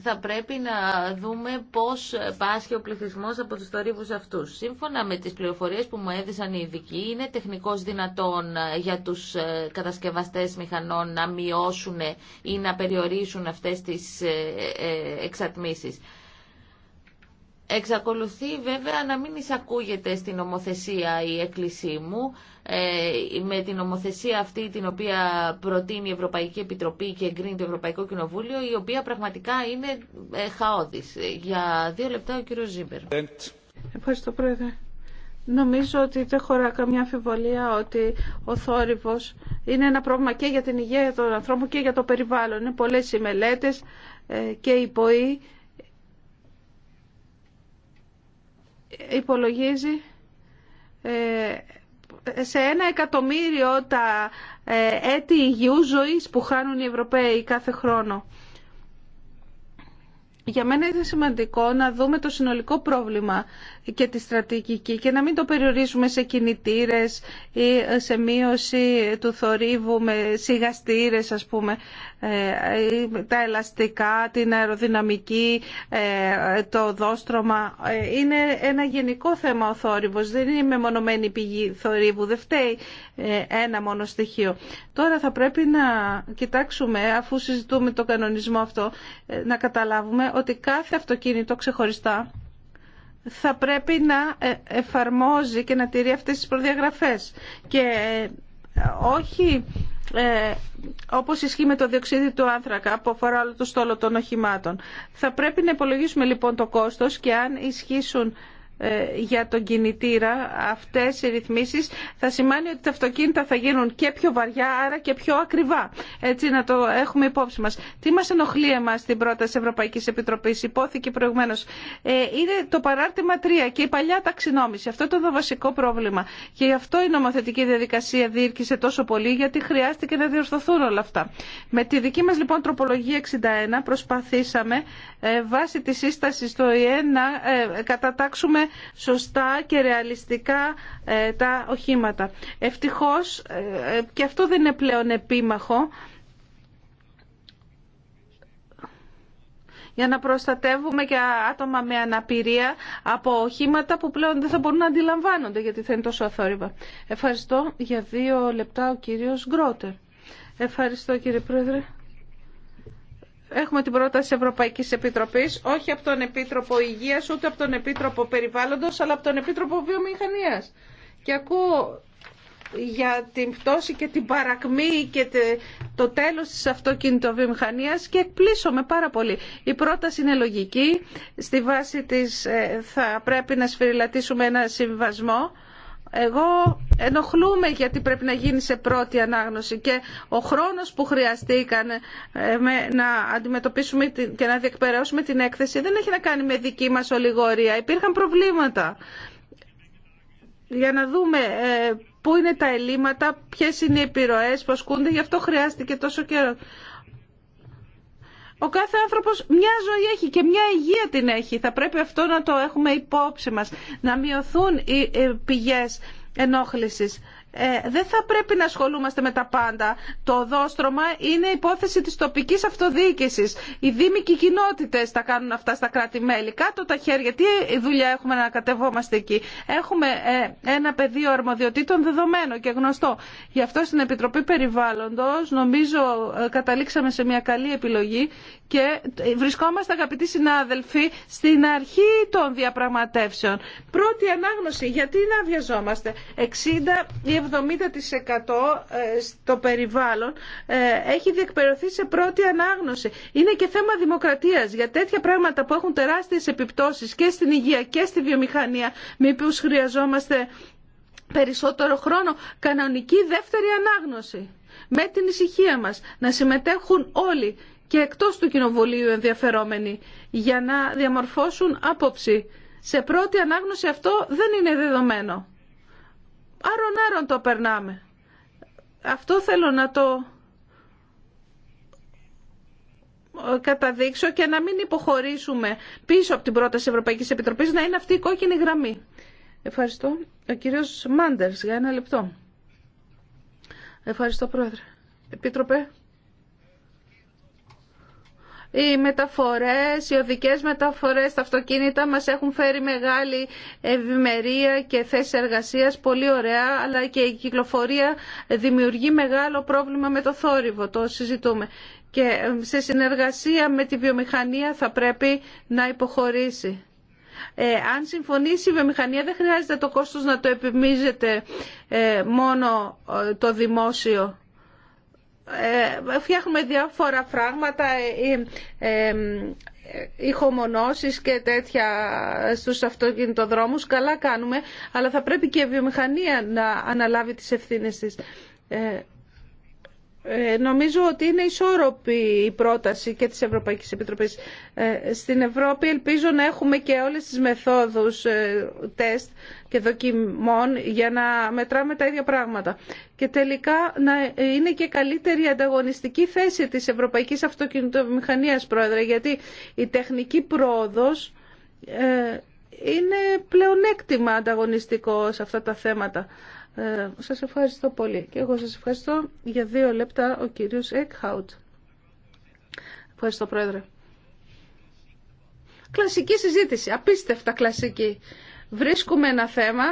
θα πρέπει να δούμε πώς πάσχει ο πληθυσμός από τους θορύβους αυτούς. Σύμφωνα με τις πληροφορίες που μου έδισαν οι ειδικοί, είναι τεχνικός δυνατόν για τους ε, κατασκευαστές μηχανών να μειώσουν ή να περιορίσουν αυτές τις ε, ε, εξατμίσεις. Εξακολουθεί βέβαια να μην εισακούγεται στην ομοθεσία η έκκλησή μου. Ε, με την ομοθεσία αυτή την οποία προτείνει η Ευρωπαϊκή Επιτροπή και εγκρίνει το Ευρωπαϊκό Κοινοβούλιο, η οποία πραγματικά είναι ε, χαόδης. Για δύο λεπτά ο κύριος Ζήμπερ. Ευχαριστώ Πρόεδρε. Νομίζω ότι δεν χωρά καμιά αμφιβολία ότι ο θόρυβος είναι ένα πρόβλημα και για την υγεία των ανθρώπων και για το περιβάλλον. Είναι πολλές οι μελέτες ε, και οι ποοί υπολογίζει ε, σε ένα εκατομμύριο τα ε, έτη υγιού ζωής που χάνουν οι Ευρωπαίοι κάθε χρόνο. Για μένα είναι σημαντικό να δούμε το συνολικό πρόβλημα και τη στρατηγική και να μην το περιορίζουμε σε κινητήρες ή σε μείωση του θορύβου με σιγαστήρες ας πούμε ε, τα ελαστικά, την αεροδυναμική, ε, το δόστρωμα. Ε, είναι ένα γενικό θέμα ο θόρυβος, δεν είναι μεμονωμένη πηγή θορύβου, δεν φταίει ένα μόνο στοιχείο. Τώρα θα πρέπει να κοιτάξουμε, αφού συζητούμε το κανονισμό αυτό, να καταλάβουμε ότι κάθε αυτοκίνητο ξεχωριστά θα πρέπει να ε, εφαρμόζει και να τηρεί αυτές τις προδιαγραφές και ε, όχι ε, όπως ισχύει με το διοξίδι του άνθρακα που αφορά όλο το στόλο των οχημάτων. Θα πρέπει να υπολογίσουμε λοιπόν το κόστος και αν ισχύσουν ε, για τον κινητήρα αυτές οι ρυθμίσεις θα σημαίνει ότι τα αυτοκίνητα θα γίνουν και πιο βαριά άρα και πιο ακριβά. Έτσι να το έχουμε υπόψη μας. Τι μας ενοχλεί εμάς στην πρόταση Ευρωπαϊκής Επιτροπής, υπόθηκε προηγουμένως, ε, είναι το παράρτημα 3 και η παλιά ταξινόμηση. Αυτό ήταν το βασικό πρόβλημα. Και γι' αυτό η νομοθετική διαδικασία διήρκησε τόσο πολύ γιατί χρειάστηκε να διορθωθούν όλα αυτά. Με τη δική μας λοιπόν τροπολογία 61 προσπαθήσαμε ε, βάσει της σύστασης του ΙΕ να κατατάξουμε σωστά και ρεαλιστικά ε, τα οχήματα. Ευτυχώς ε, ε, και αυτό δεν είναι πλέον επίμαχο. για να προστατεύουμε και άτομα με αναπηρία από οχήματα που πλέον δεν θα μπορούν να αντιλαμβάνονται γιατί θα είναι τόσο αθόρυβα. Ευχαριστώ για δύο λεπτά ο κύριος Γκρότερ. Ευχαριστώ κύριε Πρόεδρε. Έχουμε την πρόταση Ευρωπαϊκής Επιτροπής, όχι από τον Επίτροπο Υγείας, ούτε από τον Επίτροπο Περιβάλλοντος, αλλά από τον Επίτροπο Βιομηχανίας. Και ακούω για την πτώση και την παρακμή και το τέλος της αυτοκινητοβιομηχανίας και εκπλήσωμαι πάρα πολύ. Η πρόταση είναι λογική. Στη βάση της ε, θα πρέπει να σφυριλατήσουμε ένα συμβασμό εγώ ενοχλούμε γιατί πρέπει να γίνει σε πρώτη ανάγνωση και ο χρόνος που χρειαστήκαν ε, να αντιμετωπίσουμε και να διεκπαιρεώσουμε την έκθεση δεν έχει να κάνει με δική μας ολιγορία. Υπήρχαν προβλήματα. Για να δούμε ε, πού είναι τα ελλείμματα, ποιες είναι οι επιρροές που ασκούνται, γι' αυτό χρειάστηκε τόσο καιρό. Ο κάθε άνθρωπος μια ζωή έχει και μια υγεία την έχει. Θα πρέπει αυτό να το έχουμε υπόψη μας. Να μειωθούν οι πηγές ενόχλησης. Ε, δεν θα πρέπει να ασχολούμαστε με τα πάντα. Το δόστρωμα είναι υπόθεση της τοπικής αυτοδιοίκησης. Οι δήμοι και οι κοινότητες τα κάνουν αυτά στα κράτη-μέλη. Κάτω τα χέρια. Τι δουλειά έχουμε να κατεβόμαστε εκεί. Έχουμε ε, ένα πεδίο αρμοδιοτήτων δεδομένο και γνωστό. Γι' αυτό στην Επιτροπή Περιβάλλοντος νομίζω ε, καταλήξαμε σε μια καλή επιλογή και βρισκόμαστε αγαπητοί συνάδελφοι στην αρχή των διαπραγματεύσεων. Πρώτη ανάγνωση. Γιατί να βιαζόμαστε. 60 70% ε, στο περιβάλλον ε, έχει διεκπαιρεωθεί σε πρώτη ανάγνωση. Είναι και θέμα δημοκρατίας για τέτοια πράγματα που έχουν τεράστιες επιπτώσεις και στην υγεία και στη βιομηχανία. Μήπως χρειαζόμαστε περισσότερο χρόνο κανονική δεύτερη ανάγνωση. Με την ησυχία μας να συμμετέχουν όλοι και εκτός του Κοινοβουλίου ενδιαφερόμενοι για να διαμορφώσουν άποψη. Σε πρώτη ανάγνωση αυτό δεν είναι δεδομένο άρον άρον το περνάμε. Αυτό θέλω να το ε, καταδείξω και να μην υποχωρήσουμε πίσω από την πρόταση Ευρωπαϊκής Επιτροπής να είναι αυτή η κόκκινη γραμμή. Ευχαριστώ. Ο κύριος Μάντερς για ένα λεπτό. Ευχαριστώ πρόεδρε. Επίτροπε οι μεταφορές, οι οδικές μεταφορές, τα αυτοκίνητα μας έχουν φέρει μεγάλη ευημερία και θέση εργασίας, πολύ ωραία, αλλά και η κυκλοφορία δημιουργεί μεγάλο πρόβλημα με το θόρυβο, το συζητούμε. Και ε, σε συνεργασία με τη βιομηχανία θα πρέπει να υποχωρήσει. Ε, αν συμφωνήσει η βιομηχανία δεν χρειάζεται το κόστος να το επιμίζεται ε, μόνο το δημόσιο. Ε, φτιάχνουμε διάφορα φράγματα, ε, ε, ηχομονώσεις και τέτοια στους αυτοκινητοδρόμους. Καλά κάνουμε, αλλά θα πρέπει και η βιομηχανία να αναλάβει τις ευθύνες της. Ε, νομίζω ότι είναι ισόρροπη η πρόταση και της Ευρωπαϊκής Επιτροπής. Ε, στην Ευρώπη ελπίζω να έχουμε και όλες τις μεθόδους ε, τεστ και δοκιμών για να μετράμε τα ίδια πράγματα. Και τελικά να είναι και καλύτερη η ανταγωνιστική θέση της Ευρωπαϊκής Αυτοκινητομηχανίας, Πρόεδρε, γιατί η τεχνική πρόοδος είναι πλεονέκτημα ανταγωνιστικό σε αυτά τα θέματα. Ε, σας ευχαριστώ πολύ. Και εγώ σας ευχαριστώ για δύο λεπτά ο κύριος Εκχάουτ. Ευχαριστώ πρόεδρε. Κλασική συζήτηση, απίστευτα κλασική. Βρίσκουμε ένα θέμα,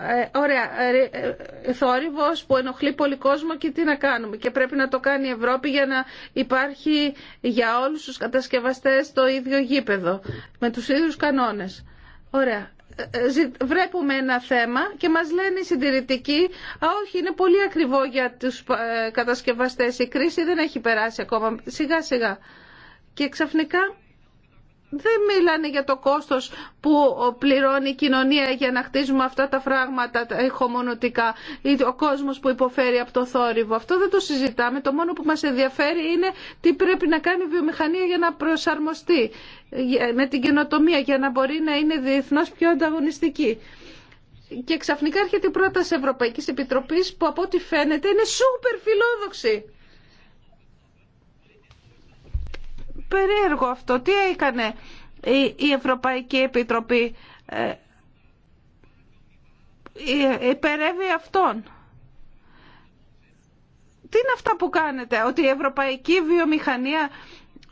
ε, ωραία, ε, ε, θόρυβος που ενοχλεί πολύ κόσμο και τι να κάνουμε. Και πρέπει να το κάνει η Ευρώπη για να υπάρχει για όλους τους κατασκευαστές το ίδιο γήπεδο, με τους ίδιους κανόνες. Ωραία βρέπουμε ένα θέμα και μας λένε οι συντηρητικοί «Α, όχι, είναι πολύ ακριβό για τους ε, κατασκευαστές, η κρίση δεν έχει περάσει ακόμα, σιγά-σιγά». Και ξαφνικά δεν μιλάνε για το κόστος που πληρώνει η κοινωνία για να χτίζουμε αυτά τα φράγματα τα ηχομονωτικά ή ο κόσμος που υποφέρει από το θόρυβο. Αυτό δεν το συζητάμε. Το μόνο που μας ενδιαφέρει είναι τι πρέπει να κάνει η βιομηχανία για να προσαρμοστεί με την καινοτομία για να μπορεί να είναι διεθνώς πιο ανταγωνιστική. Και ξαφνικά έρχεται η πρόταση Ευρωπαϊκής Επιτροπής που από ό,τι φαίνεται είναι σούπερ φιλόδοξη. περίεργο αυτό. Τι έκανε η Ευρωπαϊκή Επιτροπή. Ε, υπερεύει αυτόν. Τι είναι αυτά που κάνετε, ότι η ευρωπαϊκή βιομηχανία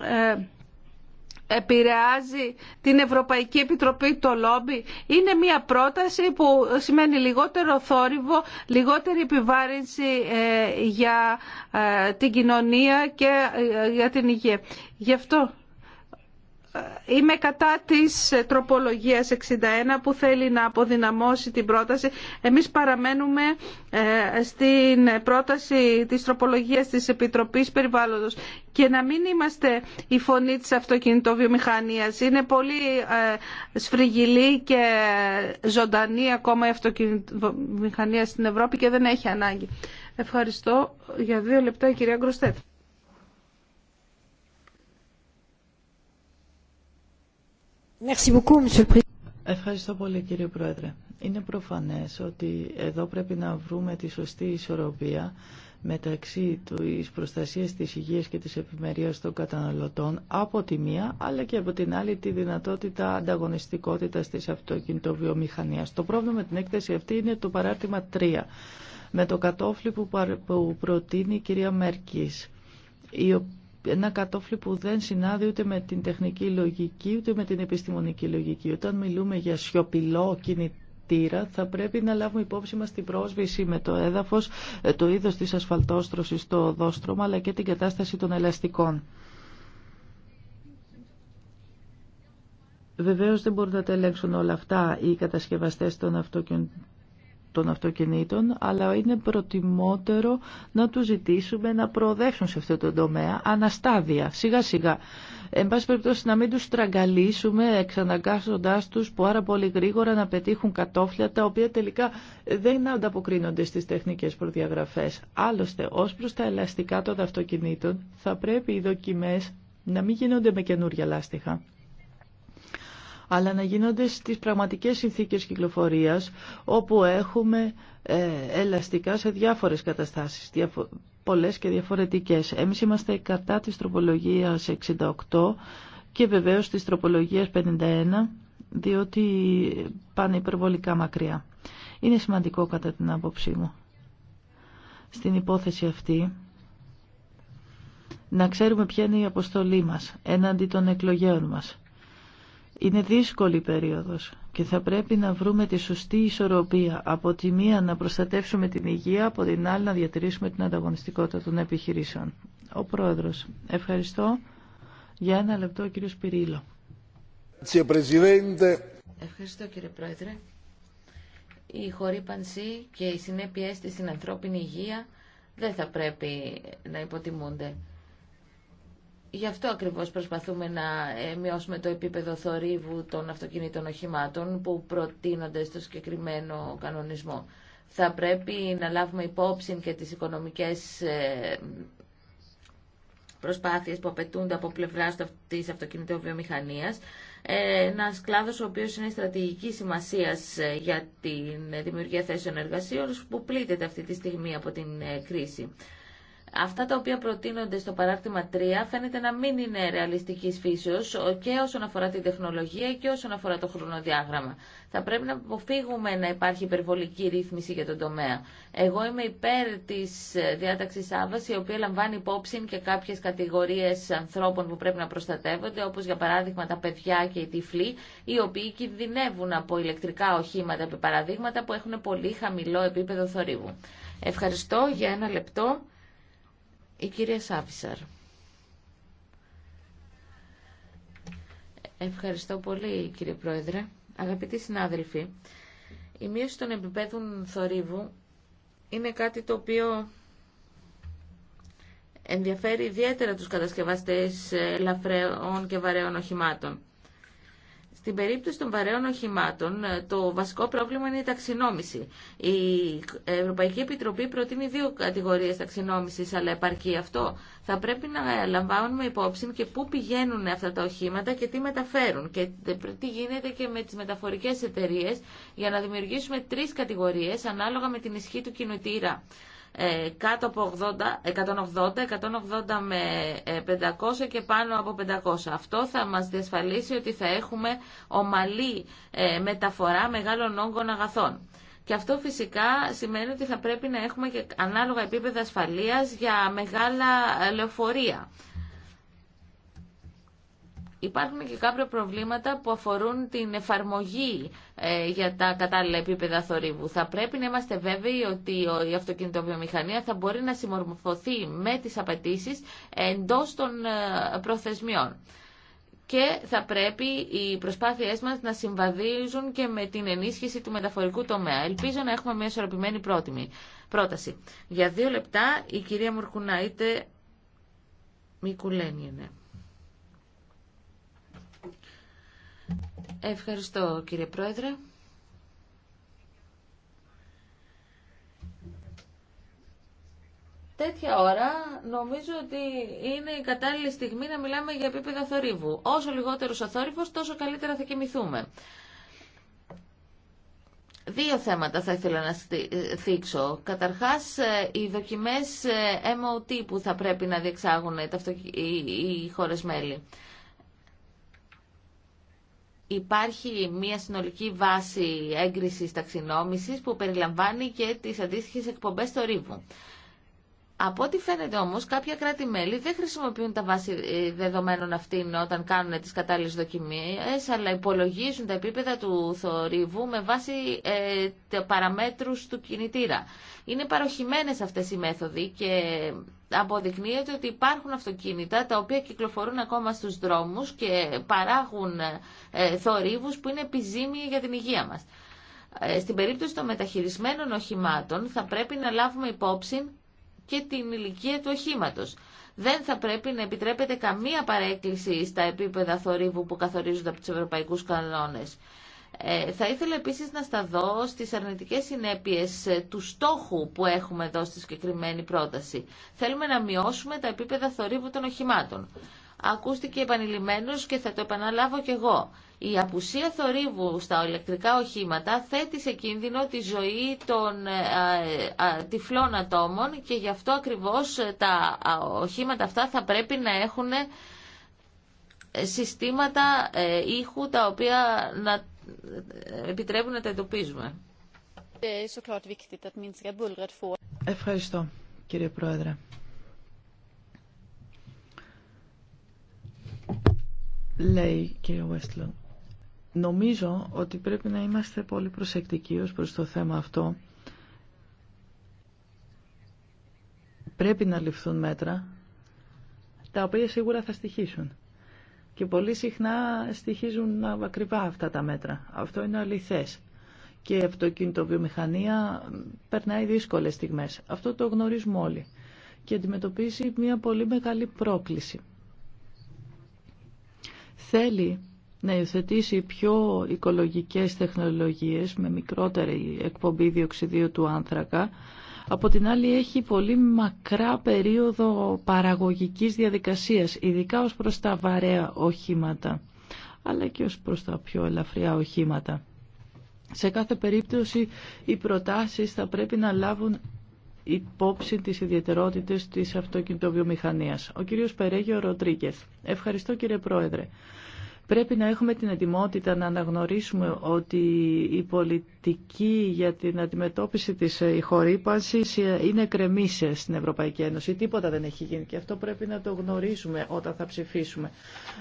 ε, επηρεάζει την Ευρωπαϊκή Επιτροπή το λόμπι. Είναι μια πρόταση που σημαίνει λιγότερο θόρυβο, λιγότερη επιβάρυνση ε, για ε, την κοινωνία και ε, για την υγεία. Γι' αυτό είμαι κατά της ε, τροπολογίας 61 που θέλει να αποδυναμώσει την πρόταση. Εμείς παραμένουμε ε, στην πρόταση της τροπολογίας της Επιτροπής Περιβάλλοντος και να μην είμαστε η φωνή της αυτοκινητοβιομηχανίας. Είναι πολύ ε, σφριγγυλή και ζωντανή ακόμα η αυτοκινητοβιομηχανία στην Ευρώπη και δεν έχει ανάγκη. Ευχαριστώ για δύο λεπτά κυρία Γκροστέτ. Ευχαριστώ πολύ κύριε Πρόεδρε. Είναι προφανές ότι εδώ πρέπει να βρούμε τη σωστή ισορροπία μεταξύ της προστασίας της υγείας και της επιμερίας των καταναλωτών από τη μία αλλά και από την άλλη τη δυνατότητα ανταγωνιστικότητας της αυτοκινητοβιομηχανίας. Το πρόβλημα με την έκθεση αυτή είναι το παράρτημα 3 με το κατόφλι που προτείνει η κυρία Μέρκης ένα κατόφλι που δεν συνάδει ούτε με την τεχνική λογική ούτε με την επιστημονική λογική. Όταν μιλούμε για σιωπηλό κινητήρα θα πρέπει να λάβουμε υπόψη μας την πρόσβηση με το έδαφος, ε, το είδος της ασφαλτόστρωσης το δόστρωμα, αλλά και την κατάσταση των ελαστικών. Βεβαίως δεν μπορούν να τα ελέγξουν όλα αυτά οι κατασκευαστές των αυτοκινήτων των αυτοκινήτων, αλλά είναι προτιμότερο να τους ζητήσουμε να προοδεύσουν σε αυτό το τομέα αναστάδια, σιγά σιγά. Εν πάση περιπτώσει να μην τους στραγγαλίσουμε εξαναγκάσοντάς τους πάρα πολύ γρήγορα να πετύχουν κατόφλια τα οποία τελικά δεν ανταποκρίνονται στις τεχνικές προδιαγραφές. Άλλωστε, ως προς τα ελαστικά των αυτοκινήτων θα πρέπει οι δοκιμές να μην γίνονται με καινούρια λάστιχα αλλά να γίνονται στις πραγματικές συνθήκες κυκλοφορίας όπου έχουμε ε, ελαστικά σε διάφορες καταστάσεις, πολλές και διαφορετικές. Εμείς είμαστε κατά της τροπολογίας 68 και βεβαίως της τροπολογίας 51 διότι πάνε υπερβολικά μακριά. Είναι σημαντικό κατά την άποψή μου στην υπόθεση αυτή να ξέρουμε ποια είναι η αποστολή μας έναντι των εκλογέων μας. Είναι δύσκολη η περίοδος και θα πρέπει να βρούμε τη σωστή ισορροπία. Από τη μία να προστατεύσουμε την υγεία, από την άλλη να διατηρήσουμε την ανταγωνιστικότητα των επιχειρήσεων. Ο Πρόεδρος. Ευχαριστώ. Για ένα λεπτό ο κύριος Πυρίλο. Ευχαριστώ κύριε Πρόεδρε. Η χορύπανση και οι συνέπειές της στην ανθρώπινη υγεία δεν θα πρέπει να υποτιμούνται. Γι' αυτό ακριβώς προσπαθούμε να ε, μειώσουμε το επίπεδο θορύβου των αυτοκινήτων οχημάτων που προτείνονται στο συγκεκριμένο κανονισμό. Θα πρέπει να λάβουμε υπόψη και τις οικονομικές ε, προσπάθειες που απαιτούνται από πλευρά της αυτοκινητοβιομηχανίας. Ε, Ένα κλάδο ο οποίο είναι στρατηγική σημασία για τη δημιουργία θέσεων εργασίων που πλήττεται αυτή τη στιγμή από την κρίση. Αυτά τα οποία προτείνονται στο παράρτημα 3 φαίνεται να μην είναι ρεαλιστική φύσεω και όσον αφορά την τεχνολογία και όσον αφορά το χρονοδιάγραμμα. Θα πρέπει να αποφύγουμε να υπάρχει υπερβολική ρύθμιση για τον τομέα. Εγώ είμαι υπέρ τη ε, διάταξη άβαση, η οποία λαμβάνει υπόψη και κάποιε κατηγορίε ανθρώπων που πρέπει να προστατεύονται, όπω για παράδειγμα τα παιδιά και οι τυφλοί, οι οποίοι κινδυνεύουν από ηλεκτρικά οχήματα, επί παραδείγματα, που έχουν πολύ χαμηλό επίπεδο θορύβου. Ευχαριστώ για ένα λεπτό. Η κυρία Σάβισαρ. Ευχαριστώ πολύ κύριε Πρόεδρε. Αγαπητοί συνάδελφοι, η μείωση των επιπέδων θορύβου είναι κάτι το οποίο ενδιαφέρει ιδιαίτερα τους κατασκευαστές ε, λαφρεών και βαρέων οχημάτων. Στην περίπτωση των βαρέων οχημάτων, ε, το βασικό πρόβλημα είναι η ταξινόμηση. Η Ευρωπαϊκή Επιτροπή προτείνει δύο κατηγορίες ταξινόμησης, αλλά επαρκεί αυτό. Θα πρέπει να λαμβάνουμε υπόψη και πού πηγαίνουν αυτά τα οχήματα και τι μεταφέρουν και ε, τι γίνεται και με τις μεταφορικές εταιρείες για να δημιουργήσουμε τρεις κατηγορίες ανάλογα με την ισχύ του κινητήρα ε, κάτω από 80, 180, 180 με 500 ε, και πάνω από 500. Αυτό θα μας διασφαλίσει ότι θα έχουμε ομαλή ε, μεταφορά μεγάλων όγκων αγαθών. Και αυτό φυσικά σημαίνει ότι θα πρέπει να έχουμε και ανάλογα επίπεδα ασφαλείας για μεγάλα λεωφορεία. Υπάρχουν και κάποια προβλήματα που αφορούν την εφαρμογή ε, για τα κατάλληλα επίπεδα θορύβου. Θα πρέπει να είμαστε βέβαιοι ότι η αυτοκινητοβιομηχανία θα μπορεί να συμμορφωθεί με τις απαιτήσεις εντός των ε, προθεσμιών. Και θα πρέπει οι προσπάθειές μας να συμβαδίζουν και με την ενίσχυση του μεταφορικού τομέα. Ελπίζω να έχουμε μια ισορροπημένη πρόταση. Για δύο λεπτά η κυρία Μουρκουνάιτε Μικουλένιενε. Ευχαριστώ κύριε Πρόεδρε. τέτοια ώρα νομίζω ότι είναι η κατάλληλη στιγμή να μιλάμε για επίπεδα θορύβου. Όσο λιγότερος ο θόρυβος, τόσο καλύτερα θα κοιμηθούμε. Δύο θέματα θα ήθελα να θίξω. Καταρχάς, ε, οι δοκιμές ε, MOT που θα πρέπει να διεξάγουν οι χώρες μέλη υπάρχει μια συνολική βάση έγκρισης ταξινόμησης που περιλαμβάνει και τις αντίστοιχες εκπομπές θορύβου. Από ό,τι φαίνεται όμω, κάποια κράτη-μέλη δεν χρησιμοποιούν τα βάση ε, δεδομένων αυτήν όταν κάνουν τι κατάλληλε δοκιμίε, αλλά υπολογίζουν τα επίπεδα του θορύβου με βάση ε, τα παραμέτρου του κινητήρα. Είναι παροχημένε αυτέ οι μέθοδοι και αποδεικνύεται ότι υπάρχουν αυτοκίνητα τα οποία κυκλοφορούν ακόμα στου δρόμου και παράγουν ε, θορύβους που είναι επιζήμιοι για την υγεία μα. Ε, στην περίπτωση των μεταχειρισμένων οχημάτων θα πρέπει να λάβουμε υπόψη και την ηλικία του οχήματο. Δεν θα πρέπει να επιτρέπεται καμία παρέκκληση στα επίπεδα θορύβου που καθορίζονται από του ευρωπαϊκού κανόνε. Ε, θα ήθελα επίσης να σταθώ στις αρνητικές συνέπειες ε, του στόχου που έχουμε εδώ στη συγκεκριμένη πρόταση. Θέλουμε να μειώσουμε τα επίπεδα θορύβου των οχημάτων ακούστηκε επανειλημμένο και θα το επαναλάβω κι εγώ. Η απουσία θορύβου στα ηλεκτρικά οχήματα θέτει σε κίνδυνο τη ζωή των ε, ε, τυφλών ατόμων και γι' αυτό ακριβώς ε, τα οχήματα αυτά θα πρέπει να έχουν συστήματα ήχου τα οποία να επιτρέπουν να τα εντοπίζουμε. Ευχαριστώ κύριε Πρόεδρε. λέει κύριε Βέστλον. Νομίζω ότι πρέπει να είμαστε πολύ προσεκτικοί ως προς το θέμα αυτό. Πρέπει να ληφθούν μέτρα, τα οποία σίγουρα θα στοιχήσουν. Και πολύ συχνά στοιχίζουν ακριβά αυτά τα μέτρα. Αυτό είναι αληθές. Και η αυτοκινητοβιομηχανία περνάει δύσκολες στιγμές. Αυτό το γνωρίζουμε όλοι. Και αντιμετωπίζει μια πολύ μεγάλη πρόκληση θέλει να υιοθετήσει πιο οικολογικές τεχνολογίες με μικρότερη εκπομπή διοξιδίου του άνθρακα. Από την άλλη έχει πολύ μακρά περίοδο παραγωγικής διαδικασίας, ειδικά ως προς τα βαρέα οχήματα, αλλά και ως προς τα πιο ελαφριά οχήματα. Σε κάθε περίπτωση οι προτάσεις θα πρέπει να λάβουν υπόψη τις ιδιαιτερότητες της αυτοκινητοβιομηχανίας. Ο κύριος Περέγιο Ροντρίγκεθ. Ευχαριστώ κύριε Πρόεδρε. Πρέπει να έχουμε την ετοιμότητα να αναγνωρίσουμε ότι η πολιτική για την αντιμετώπιση της ε, χορύπανσης ε, είναι κρεμίσια στην Ευρωπαϊκή Ένωση. Τίποτα δεν έχει γίνει και αυτό πρέπει να το γνωρίζουμε όταν θα ψηφίσουμε.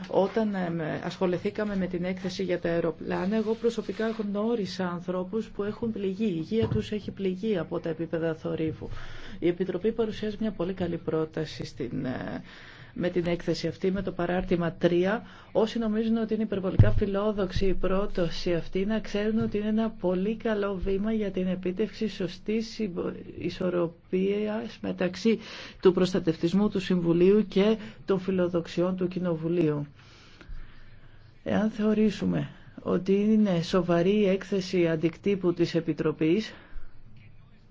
Όταν ε, ασχοληθήκαμε με την έκθεση για τα αεροπλάνα, εγώ προσωπικά γνώρισα ανθρώπους που έχουν πληγεί. Η υγεία τους έχει πληγεί από τα επίπεδα θορύβου. Η Επιτροπή παρουσιάζει μια πολύ καλή πρόταση στην με την έκθεση αυτή, με το παράρτημα 3. Όσοι νομίζουν ότι είναι υπερβολικά φιλόδοξη η πρόταση αυτή, να ξέρουν ότι είναι ένα πολύ καλό βήμα για την επίτευξη σωστή ισορροπίας μεταξύ του προστατευτισμού του Συμβουλίου και των φιλοδοξιών του Κοινοβουλίου. Εάν θεωρήσουμε ότι είναι σοβαρή η έκθεση αντικτύπου της Επιτροπής,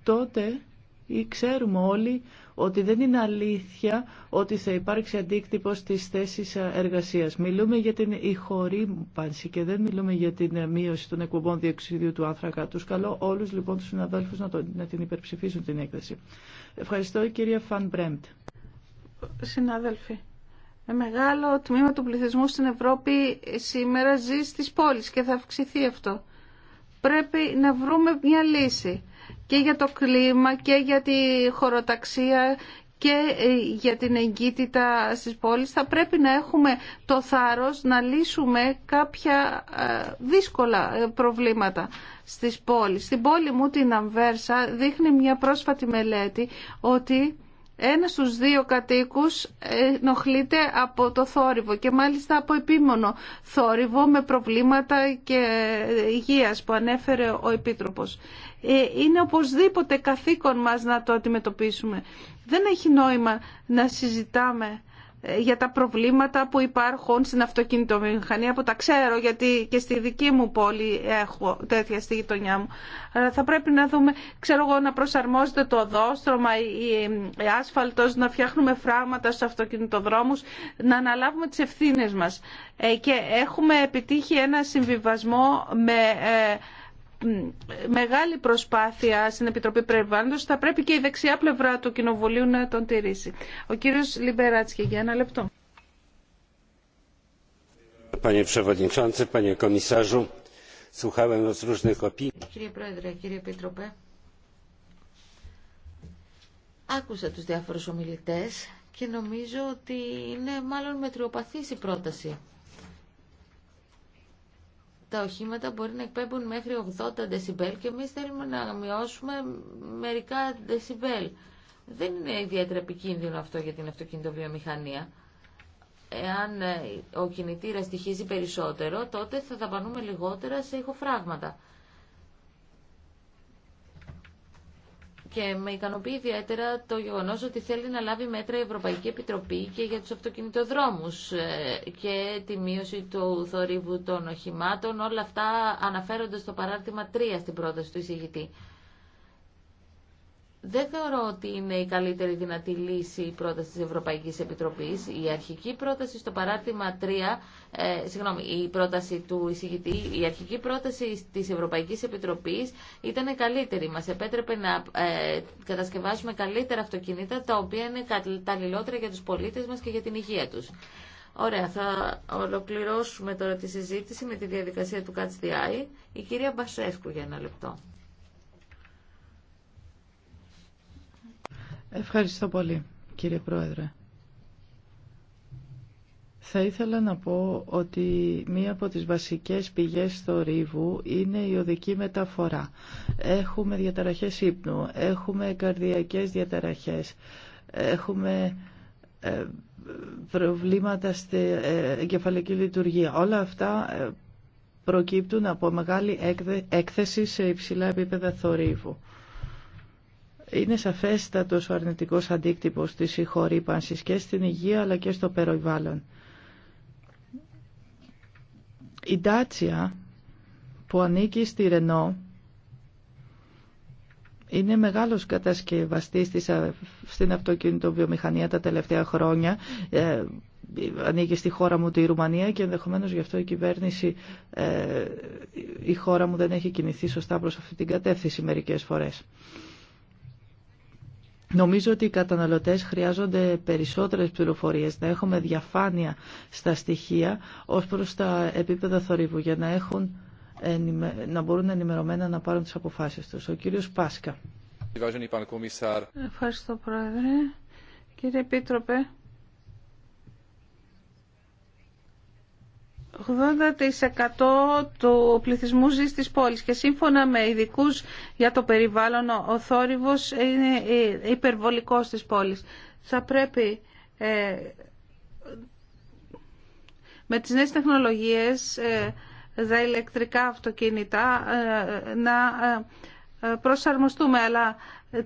τότε ή ξέρουμε όλοι ότι δεν είναι αλήθεια ότι θα υπάρξει αντίκτυπο στις θέσεις εργασίας. Μιλούμε για την ηχορύμπανση και δεν μιλούμε για την μείωση των εκπομπών διοξιδίου του άνθρακα. Τους καλώ όλους λοιπόν τους συναδέλφου να, το, να την υπερψηφίσουν την έκθεση. Ευχαριστώ κυρία Φαν Μπρέμπτ. Συνάδελφοι. Μεγάλο τμήμα του πληθυσμού στην Ευρώπη σήμερα ζει στις πόλεις και θα αυξηθεί αυτό. Πρέπει να βρούμε μια λύση και για το κλίμα και για τη χωροταξία και ε, για την εγκύτητα στις πόλεις θα πρέπει να έχουμε το θάρρος να λύσουμε κάποια ε, δύσκολα ε, προβλήματα στις πόλεις. Στην πόλη μου την Αμβέρσα δείχνει μια πρόσφατη μελέτη ότι ένα στους δύο κατοίκους ενοχλείται από το θόρυβο και μάλιστα από επίμονο θόρυβο με προβλήματα και υγείας που ανέφερε ο Επίτροπος. Ε, είναι οπωσδήποτε καθήκον μας να το αντιμετωπίσουμε. Δεν έχει νόημα να συζητάμε ε, για τα προβλήματα που υπάρχουν στην αυτοκινητομηχανία που τα ξέρω γιατί και στη δική μου πόλη έχω τέτοια στη γειτονιά μου. Θα πρέπει να δούμε, ξέρω εγώ, να προσαρμόζεται το οδόστρωμα ή άσφαλτος, να φτιάχνουμε φράγματα στους αυτοκινητοδρόμους, να αναλάβουμε τις ευθύνες μας. Ε, και έχουμε επιτύχει ένα συμβιβασμό με ε, μεγάλη προσπάθεια στην Επιτροπή Περιβάλλοντος, θα πρέπει και η δεξιά πλευρά του Κοινοβουλίου να τον τηρήσει. Ο κύριος Λιμπεράτσκι, για ένα λεπτό. Κύριε Πρόεδρε, κύριε Επίτροπε, άκουσα τους διάφορους ομιλητές και νομίζω ότι είναι μάλλον μετριοπαθής η πρόταση τα οχήματα μπορεί να εκπέμπουν μέχρι 80 δεσιμπέλ και εμείς θέλουμε να μειώσουμε μερικά δεσιμπέλ. Δεν είναι ιδιαίτερα επικίνδυνο αυτό για την αυτοκινητοβιομηχανία. Εάν ε, ο κινητήρας στοιχίζει περισσότερο, τότε θα δαπανούμε λιγότερα σε ηχοφράγματα. και με ικανοποιεί ιδιαίτερα το γεγονό ότι θέλει να λάβει μέτρα η Ευρωπαϊκή Επιτροπή και για του αυτοκινητοδρόμου ε, και τη μείωση του θορύβου των οχημάτων. Όλα αυτά αναφέρονται στο παράρτημα 3 στην πρόταση του εισηγητή δεν θεωρώ ότι είναι η καλύτερη δυνατή λύση η πρόταση της Ευρωπαϊκής Επιτροπής. Η αρχική πρόταση στο παράρτημα 3, ε, η πρόταση του εισηγητή, η αρχική πρόταση της Ευρωπαϊκής Επιτροπής ήταν καλύτερη. Μας επέτρεπε να ε, κατασκευάσουμε καλύτερα αυτοκινήτα τα οποία είναι τα λιλότερα για τους πολίτες μας και για την υγεία τους. Ωραία, θα ολοκληρώσουμε τώρα τη συζήτηση με τη διαδικασία του ΚΑΤΣΔΙ. Η κυρία Μπασέσκου για ένα λεπτό. Ευχαριστώ πολύ, κύριε Πρόεδρε. Θα ήθελα να πω ότι μία από τις βασικές πηγές θορύβου είναι η οδική μεταφορά. Έχουμε διαταραχές ύπνου, έχουμε καρδιακές διαταραχές, έχουμε ε, προβλήματα στην ε, εγκεφαλική λειτουργία. Όλα αυτά ε, προκύπτουν από μεγάλη έκθεση σε υψηλά επίπεδα θορύβου. Είναι σαφέστατος ο αρνητικός αντίκτυπος της συγχωρήπανσης και στην υγεία αλλά και στο περιβάλλον. Η Ντάτσια που ανήκει στη Ρενό είναι μεγάλος κατασκευαστής στην αυτοκινητοβιομηχανία τα τελευταία χρόνια. Ε, ανήκει στη χώρα μου τη Ρουμανία και ενδεχομένως γι' αυτό η κυβέρνηση, ε, η χώρα μου δεν έχει κινηθεί σωστά προς αυτή την κατεύθυνση μερικές φορές. Νομίζω ότι οι καταναλωτές χρειάζονται περισσότερες πληροφορίες, να έχουμε διαφάνεια στα στοιχεία ως προς τα επίπεδα θορύβου για να, έχουν, να μπορούν ενημερωμένα να πάρουν τις αποφάσεις τους. Ο κύριος Πάσκα. Ευχαριστώ Πρόεδρε. Κύριε Επίτροπε, 80% του πληθυσμού ζει στις πόλεις και σύμφωνα με ειδικούς για το περιβάλλον ο θόρυβος είναι υπερβολικός στις πόλεις. Θα πρέπει ε, με τις νέες τεχνολογίες, ε, τα ηλεκτρικά αυτοκίνητα, ε, να ε, προσαρμοστούμε. Αλλά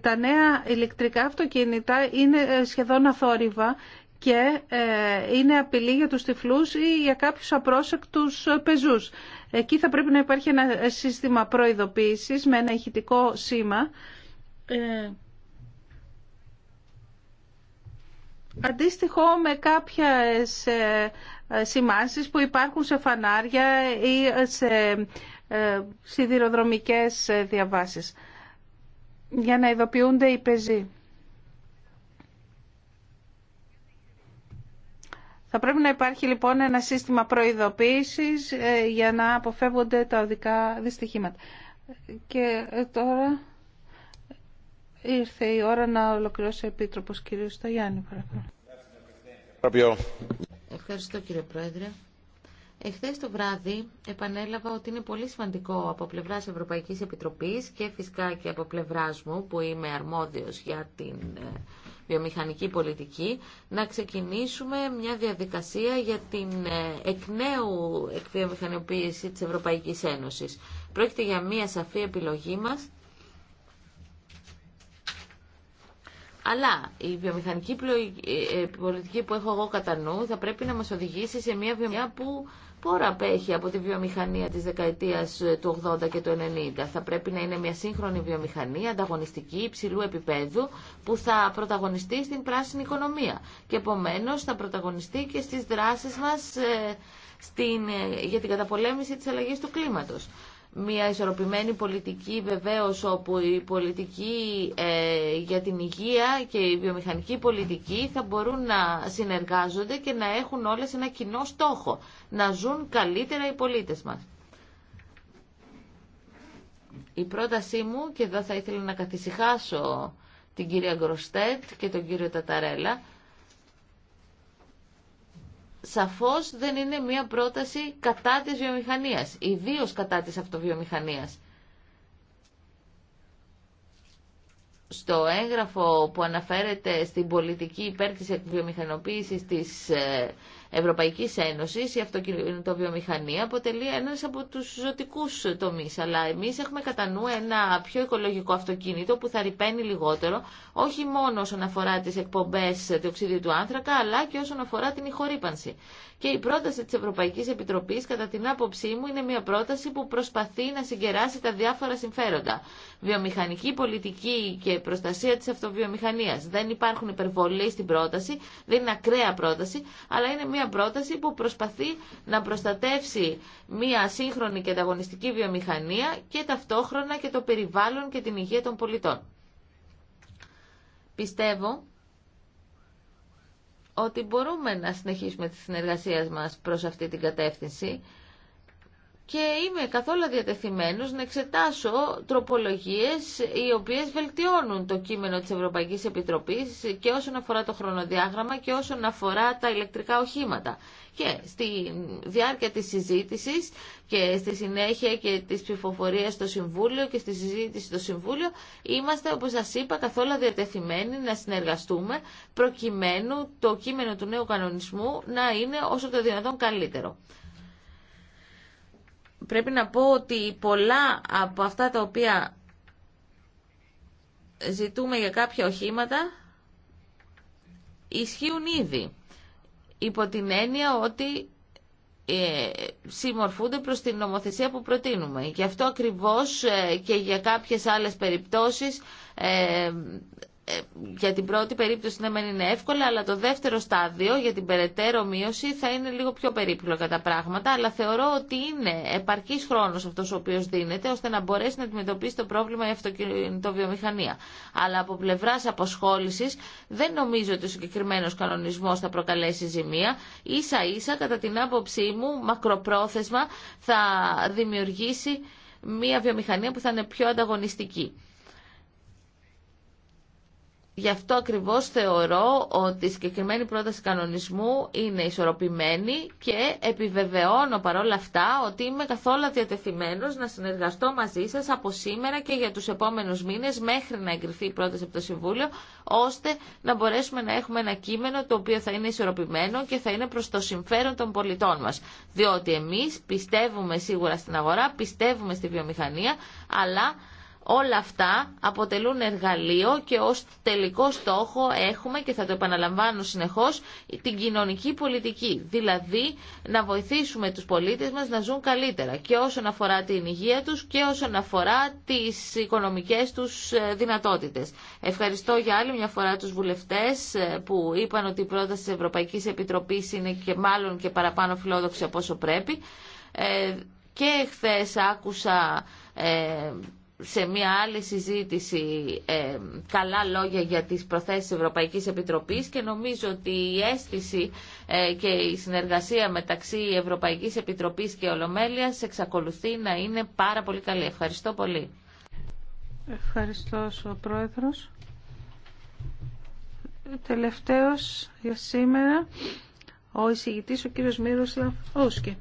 τα νέα ηλεκτρικά αυτοκίνητα είναι σχεδόν αθόρυβα και ε, είναι απειλή για τους τυφλούς ή για κάποιους απρόσεκτους πεζούς. Εκεί θα πρέπει να υπάρχει ένα σύστημα προειδοποίησης με ένα ηχητικό σήμα. Ε, αντίστοιχο με κάποιες ε, σημάσεις που υπάρχουν σε φανάρια ή σε σιδηροδρομικές διαβάσεις για να ειδοποιούνται οι πεζοί. Θα πρέπει να υπάρχει λοιπόν ένα σύστημα προειδοποίησης ε, για να αποφεύγονται τα οδικά δυστυχήματα. Και ε, τώρα ήρθε η ώρα να ολοκληρώσει ο Επίτροπος κ. Σταγιάννη. Παρακαλώ. Ευχαριστώ κύριε Πρόεδρε. Εχθέ το βράδυ επανέλαβα ότι είναι πολύ σημαντικό από πλευρά Ευρωπαϊκή Επιτροπή και φυσικά και από πλευρά μου που είμαι αρμόδιο για την ε, βιομηχανική πολιτική, να ξεκινήσουμε μια διαδικασία για την ε, εκ νέου εκβιομηχανιοποίηση της Ευρωπαϊκής Ένωσης. Πρόκειται για μια σαφή επιλογή μας Αλλά η βιομηχανική ε, ε, πολιτική που έχω εγώ κατά νου θα πρέπει να μας οδηγήσει σε μια βιομηχανία που Πόρα απέχει από τη βιομηχανία της δεκαετίας ε, του 80 και του 90. Θα πρέπει να είναι μια σύγχρονη βιομηχανία, ανταγωνιστική, υψηλού επίπεδου, που θα πρωταγωνιστεί στην πράσινη οικονομία. Και επομένως θα πρωταγωνιστεί και στις δράσεις μας ε, στην, ε, για την καταπολέμηση της αλλαγής του κλίματος μια ισορροπημένη πολιτική βεβαίως όπου η πολιτική ε, για την υγεία και η βιομηχανική πολιτική θα μπορούν να συνεργάζονται και να έχουν όλες ένα κοινό στόχο, να ζουν καλύτερα οι πολίτες μας. Η πρότασή μου, και εδώ θα ήθελα να καθησυχάσω την κυρία Γκροστέτ και τον κύριο Ταταρέλα, σαφώς δεν είναι μια πρόταση κατά της βιομηχανίας, ιδίως κατά της αυτοβιομηχανίας. Στο έγγραφο που αναφέρεται στην πολιτική υπέρ της βιομηχανοποίησης της ε, Ευρωπαϊκή Ένωση η αυτοκινητοβιομηχανία αποτελεί ένα από του ζωτικού τομεί. Αλλά εμεί έχουμε κατά νου ένα πιο οικολογικό αυτοκίνητο που θα ρηπαίνει λιγότερο, όχι μόνο όσον αφορά τις εκπομπές διοξίδιου του άνθρακα, αλλά και όσον αφορά την ηχορύπανση. Και η πρόταση τη Ευρωπαϊκή Επιτροπή κατά την άποψή μου, είναι μια πρόταση που προσπαθεί να συγκεράσει τα διάφορα συμφέροντα. Βιομηχανική πολιτική και προστασία τη αυτοβιομηχανία. Δεν υπάρχουν υπερβολή στην πρόταση, δεν είναι ακραία πρόταση, αλλά είναι μια μια πρόταση που προσπαθεί να προστατεύσει μια σύγχρονη και ανταγωνιστική βιομηχανία και ταυτόχρονα και το περιβάλλον και την υγεία των πολιτών. Πιστεύω ότι μπορούμε να συνεχίσουμε τη συνεργασία μας προς αυτή την κατεύθυνση και είμαι καθόλου διατεθειμένος να εξετάσω τροπολογίες οι οποίες βελτιώνουν το κείμενο της Ευρωπαϊκής Επιτροπής και όσον αφορά το χρονοδιάγραμμα και όσον αφορά τα ηλεκτρικά οχήματα. Και στη διάρκεια της συζήτησης και στη συνέχεια και της ψηφοφορία στο Συμβούλιο και στη συζήτηση στο Συμβούλιο είμαστε, όπως σας είπα, καθόλου διατεθειμένοι να συνεργαστούμε προκειμένου το κείμενο του νέου κανονισμού να είναι όσο το δυνατόν καλύτερο πρέπει να πω ότι πολλά από αυτά τα οποία ζητούμε για κάποια οχήματα ισχύουν ήδη υπό την έννοια ότι ε, συμμορφούνται προς την νομοθεσία που προτείνουμε. Γι' αυτό ακριβώς ε, και για κάποιες άλλες περιπτώσεις ε, ε, για την πρώτη περίπτωση να μην είναι εύκολα, αλλά το δεύτερο στάδιο για την περαιτέρω μείωση θα είναι λίγο πιο περίπλοκα τα πράγματα, αλλά θεωρώ ότι είναι επαρκής χρόνος αυτός ο οποίος δίνεται, ώστε να μπορέσει να αντιμετωπίσει το πρόβλημα η αυτοκινητοβιομηχανία. Αλλά από πλευράς αποσχόλησης δεν νομίζω ότι ο συγκεκριμένο κανονισμός θα προκαλέσει ζημία. Ίσα ίσα, κατά την άποψή μου, μακροπρόθεσμα θα δημιουργήσει μια βιομηχανία που θα είναι πιο ανταγωνιστική. Γι' αυτό ακριβώς θεωρώ ότι η συγκεκριμένη πρόταση κανονισμού είναι ισορροπημένη και επιβεβαιώνω παρόλα αυτά ότι είμαι καθόλου διατεθειμένος να συνεργαστώ μαζί σας από σήμερα και για τους επόμενους μήνες μέχρι να εγκριθεί η πρόταση από το Συμβούλιο ώστε να μπορέσουμε να έχουμε ένα κείμενο το οποίο θα είναι ισορροπημένο και θα είναι προς το συμφέρον των πολιτών μας. Διότι εμείς πιστεύουμε σίγουρα στην αγορά, πιστεύουμε στη βιομηχανία, αλλά Όλα αυτά αποτελούν εργαλείο και ως τελικό στόχο έχουμε, και θα το επαναλαμβάνω συνεχώς, την κοινωνική πολιτική. Δηλαδή να βοηθήσουμε τους πολίτες μας να ζουν καλύτερα και όσον αφορά την υγεία τους και όσον αφορά τις οικονομικές τους ε, δυνατότητες. Ευχαριστώ για άλλη μια φορά τους βουλευτές ε, που είπαν ότι η πρόταση της Ευρωπαϊκής Επιτροπής είναι και μάλλον και παραπάνω φιλόδοξη από όσο πρέπει. Ε, και χθε άκουσα σε μια άλλη συζήτηση ε, καλά λόγια για τις προθέσεις Ευρωπαϊκής Επιτροπής και νομίζω ότι η αίσθηση ε, και η συνεργασία μεταξύ Ευρωπαϊκής Επιτροπής και Ολομέλειας εξακολουθεί να είναι πάρα πολύ καλή. Ευχαριστώ πολύ. Ευχαριστώ ο Πρόεδρος. Τελευταίος για σήμερα ο εισηγητής ο κύριος Μύροσλαβ Όσκι.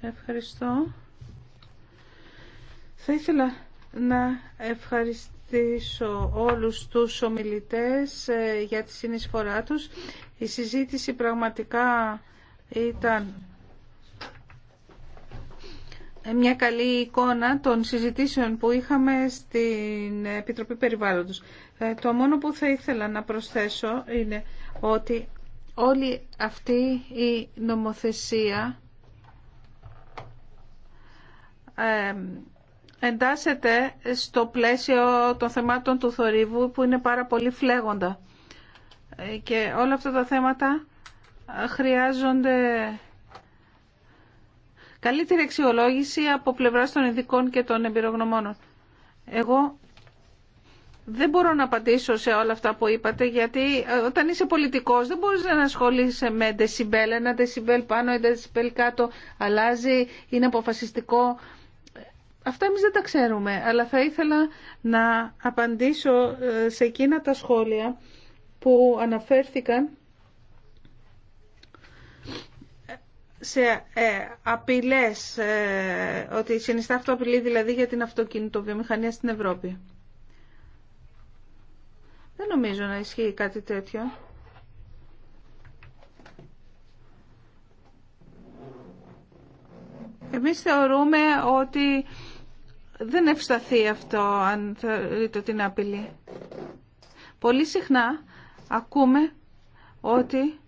Ευχαριστώ. Θα ήθελα να ευχαριστήσω όλους τους ομιλητές ε, για τη συνεισφορά τους. Η συζήτηση πραγματικά ήταν ε, μια καλή εικόνα των συζητήσεων που είχαμε στην Επιτροπή Περιβάλλοντος. Ε, το μόνο που θα ήθελα να προσθέσω είναι ότι όλη αυτή η νομοθεσία εντάσσεται στο πλαίσιο των θεμάτων του θορύβου που είναι πάρα πολύ φλέγοντα. Και όλα αυτά τα θέματα χρειάζονται καλύτερη αξιολόγηση από πλευράς των ειδικών και των εμπειρογνωμόνων. Εγώ δεν μπορώ να απαντήσω σε όλα αυτά που είπατε, γιατί όταν είσαι πολιτικός δεν μπορείς να ασχολείσαι με δεσιμπέλ, ένα δεσιμπέλ πάνω, ένα δεσιμπέλ κάτω, αλλάζει, είναι αποφασιστικό. Αυτά εμείς δεν τα ξέρουμε, αλλά θα ήθελα να απαντήσω ε, σε εκείνα τα σχόλια που αναφέρθηκαν σε ε, απειλές, ε, ότι συνιστά αυτό απειλή δηλαδή για την αυτοκινητοβιομηχανία στην Ευρώπη. Δεν νομίζω να ισχύει κάτι τέτοιο. Εμείς θεωρούμε ότι δεν ευσταθεί αυτό αν θεωρείτε ότι είναι απειλή. Πολύ συχνά ακούμε ότι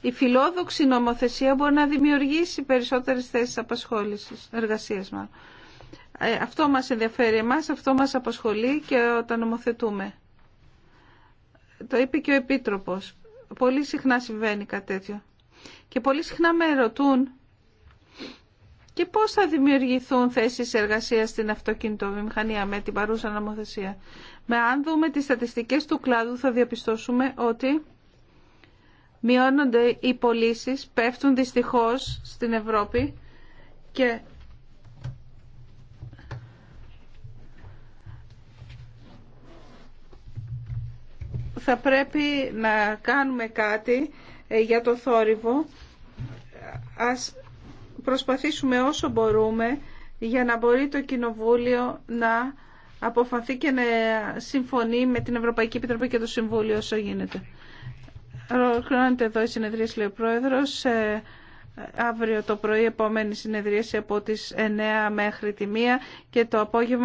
η φιλόδοξη νομοθεσία μπορεί να δημιουργήσει περισσότερες θέσεις απασχόλησης, εργασίας μάλλον. Ε, αυτό μας ενδιαφέρει εμάς, αυτό μας απασχολεί και όταν νομοθετούμε. Το είπε και ο Επίτροπος. Πολύ συχνά συμβαίνει κάτι τέτοιο. Και πολύ συχνά με ρωτούν και πώ θα δημιουργηθούν θέσεις εργασίας στην αυτοκινητοβιομηχανία με την παρούσα νομοθεσία. Με αν δούμε τι στατιστικές του κλάδου θα διαπιστώσουμε ότι μειώνονται οι πωλήσει, πέφτουν δυστυχώς στην Ευρώπη και θα πρέπει να κάνουμε κάτι ε, για το θόρυβο. Ας προσπαθήσουμε όσο μπορούμε για να μπορεί το Κοινοβούλιο να αποφανθεί και να συμφωνεί με την Ευρωπαϊκή Επιτροπή και το Συμβούλιο όσο γίνεται. Ολοκληρώνεται εδώ η συνεδρία λέει ο Πρόεδρος. Ε, αύριο το πρωί επόμενη συνεδρίαση από τις 9 μέχρι τη 1 και το απόγευμα